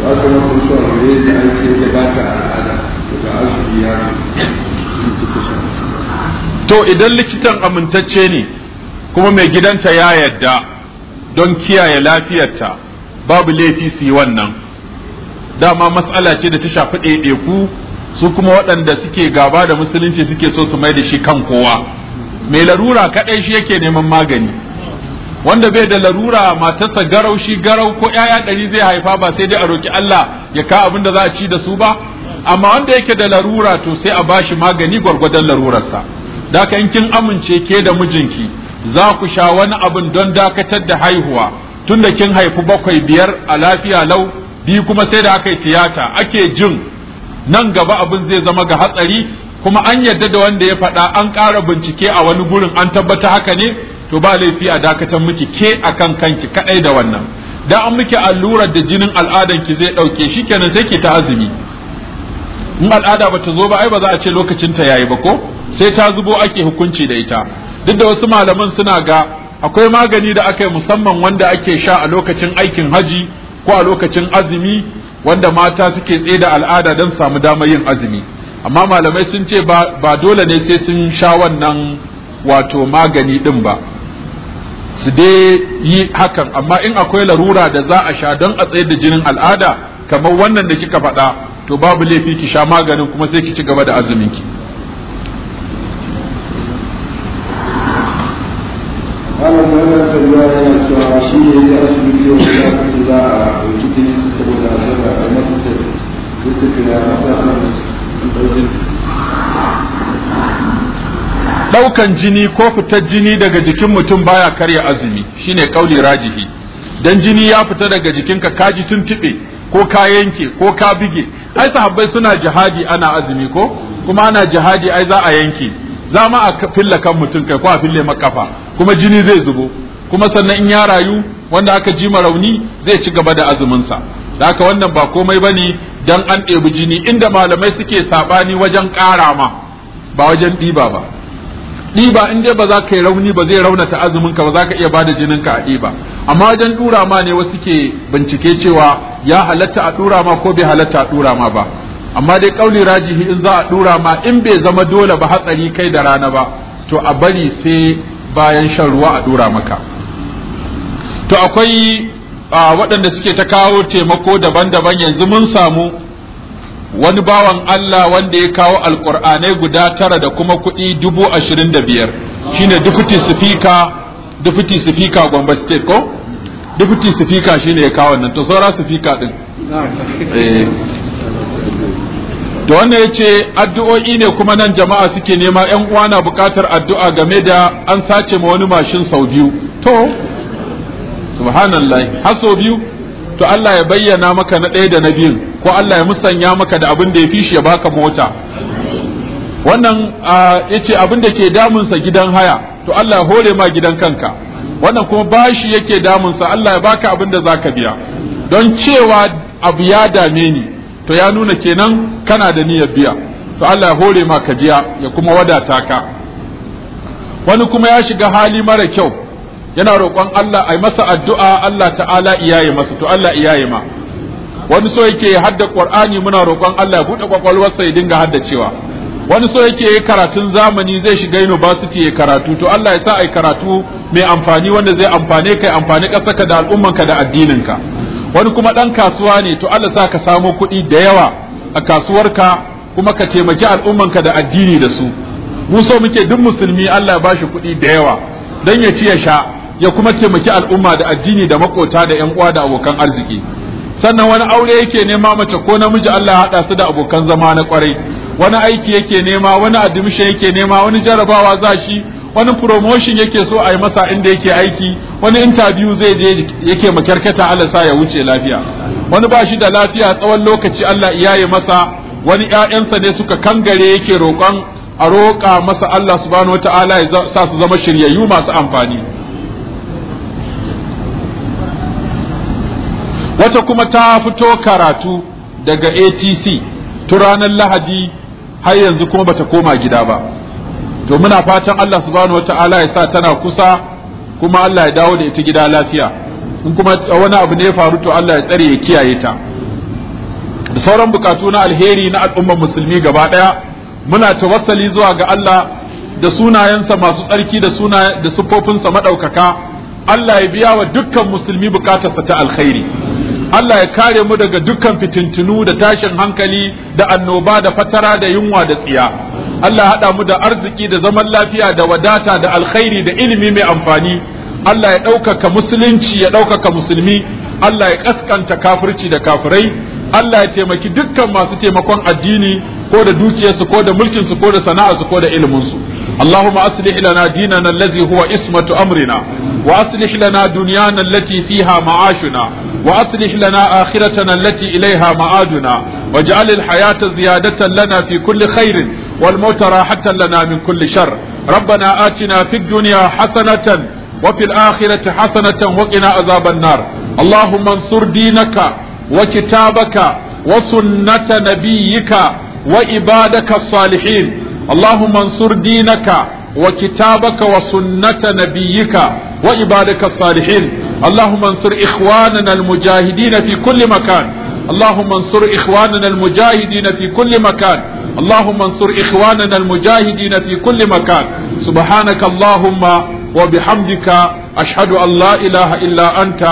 da aka mafi su a gare da ake da ba ta al'ada daga asibi ya sun ci kusa to idan likitan amintacce ne kuma mai gidanta ya yadda don kiyaye lafiyarta babu laifi su yi wannan dama matsala ce da ta shafi ɗaiɗaiku su kuma waɗanda suke gaba da musulunci suke so su mai da shi kan kowa mai larura kaɗai shi yake neman magani wanda bai da larura matarsa garau shi garau ko ƴaƴa ɗari zai haifa ba sai dai a roki Allah ya ka abin da za a ci da su ba amma wanda yake da larura to sai a bashi magani gwargwadon larurarsa da ka in kin amince ke da mijinki za ku sha wani abin don dakatar da haihuwa tunda kin haifi bakwai biyar a lafiya lau biyu kuma sai da aka yi tiyata ake jin nan gaba abin zai zama ga hatsari kuma an yarda da wanda ya faɗa an ƙara bincike a wani gurin an tabbata haka ne to ba laifi a dakatar miki ke akan kanki kaɗai da wannan da an miki allurar da jinin al'adan ki zai ɗauke shi kenan sai ki ta azumi in al'ada ba ta zo ba ai ba za a ce lokacin ta yayi ba ko sai ta zubo ake hukunci da ita duk da wasu malaman suna ga akwai magani da aka yi musamman wanda ake sha a lokacin aikin haji ko a lokacin azumi wanda mata suke tsaye da al'ada don samu damar yin azumi amma malamai sun ce ba dole ne sai sun sha wannan wato magani din ba su dai yi hakan amma in akwai larura da za a sha don a tsayar da jinin al'ada kamar wannan da kika faɗa to babu laifi ki sha maganin kuma sai ki ci gaba da azumin ki Allah ya za jini ɗaukan jini ko fitar jini daga jikin mutum baya karya azumi shine kauli rajihi dan jini ya fita daga jikinka ka ji tuntuɓe ko ka yanke ko ka bige ai sahabbai suna jihadi ana azumi ko kuma ana jihadi ai za a yanke za ma a fille kan mutum kai ko a fille makafa kuma jini zai zubo kuma sannan in ya rayu wanda aka ji rauni zai ci gaba da azuminsa da haka wannan ba komai ba ne don an ɗebi jini inda malamai suke saɓani wajen ƙara ba wajen ɗiba ba ɗiba in dai ba za ka yi rauni ba zai raunata azuminka ba za ka iya bada ka a ɗiba amma wajen ɗura ma ne wasu ke bincike cewa ya halatta a ɗura ma ko bai halatta a ɗura ma ba amma dai ƙauli rajihi in za a ɗura ma in bai zama dole ba hatsari kai da rana ba to a bari sai bayan shan ruwa a ɗura maka to akwai waɗanda suke ta kawo taimako daban-daban yanzu mun samu wani bawan Allah wanda ya kawo alƙur'anai guda tara da kuma kuɗi dubu ashirin da biyar shine deputy speaker deputy speaker Gombe state ko deputy speaker shine ya kawo nan to saura Sifika ɗin? da eh. wannan ya ce addu'o'i ne kuma nan jama'a suke nema ‘yan uwa na buƙatar addu'a game da an sace ma wani mashin sau biyu to subhanallahi haso biyu to Allah ya bayyana maka na ɗaya da na biyun ko Allah ya musanya maka da abin da ya fi shi ya baka mota wannan ya ce abin da ke damunsa gidan haya to Allah ya hore ma gidan kanka wannan kuma bashi yake damunsa Allah ya baka abin da za ka biya don cewa abu ya dame ni to ya nuna kenan kana da niyyar biya to Allah ya hore ma ka biya ya kuma wadata ka wani kuma ya shiga hali mara kyau yana roƙon Allah ayi masa addu'a Allah ta'ala iyaye masa to Allah iyaye ma wani so yake hadda Qur'ani muna roƙon Allah ya buɗe kwakwalwarsa ya dinga cewa wani so yake karatun zamani zai shiga university ya karatu to Allah ya sa ai karatu mai amfani wanda zai amfane kai amfani ƙasarka da al'ummanka da addininka wani kuma ɗan kasuwa ne to Allah sa ka samo kuɗi da yawa a kasuwarka kuma ka taimaki al'ummanka da addini da su mu so muke duk musulmi Allah ya bashi kuɗi da yawa Don ya ci ya sha ya kuma taimaki al'umma da addini da makota da yan uwa da abokan arziki sannan wani aure yake nema mace ko namiji Allah haɗa su da abokan zama na kwarai wani aiki yake nema wani admission yake nema wani jarabawa za shi wani promotion yake so a yi masa inda yake aiki wani interview zai je yake makyarkata Allah sa ya wuce lafiya wani ba shi da lafiya tsawon lokaci Allah yi masa wani ƴaƴansa ne suka kangare yake roƙon a roƙa masa Allah subhanahu wataala ya sa su zama shiryayyu masu amfani wata kuma ta fito karatu daga atc tun ranar lahadi har yanzu kuma bata koma gida ba to muna fatan allah subhanahu wata'ala ya sa tana kusa kuma allah ya dawo da ita gida lafiya in kuma wani abu ne ya faru to allah ya tsare ya kiyaye ta da sauran bukatu na alheri na al'ummar musulmi gaba daya muna tawassali zuwa ga allah da sunayensa masu tsarki da suna da sufofinsa maɗaukaka Allah ya biya wa dukkan musulmi bukatarsa ta alkhairi Allah ya kare mu daga dukkan fitintunu da tashin hankali da annoba da fatara da yunwa da tsiya Allah haɗa mu da arziki da zaman lafiya da wadata da alkhairi da ilimi mai amfani Allah ya ɗaukaka musulunci ya ɗaukaka musulmi Allah ya ƙaskanta kafirci da kafirai Allah ya taimaki dukkan masu taimakon addini ko da dukiyarsu ko da mulkinsu ko da sana'arsu ko da iliminsu اللهم أصلح لنا ديننا الذي هو اسمة أمرنا وأصلح لنا دنيانا التي فيها معاشنا وأصلح لنا آخرتنا التي إليها معادنا واجعل الحياة زيادة لنا في كل خير والموت راحة لنا من كل شر ربنا آتنا في الدنيا حسنة وفي الآخرة حسنة وقنا عذاب النار اللهم انصر دينك وكتابك وسنة نبيك وعبادك الصالحين اللهم انصر دينك وكتابك وسنة نبيك وعبادك الصالحين اللهم انصر إخواننا المجاهدين في كل مكان اللهم انصر إخواننا المجاهدين في كل مكان اللهم انصر إخواننا المجاهدين في كل مكان سبحانك اللهم وبحمدك أشهد أن لا إله إلا أنت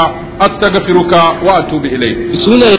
أستغفرك وأتوب إليك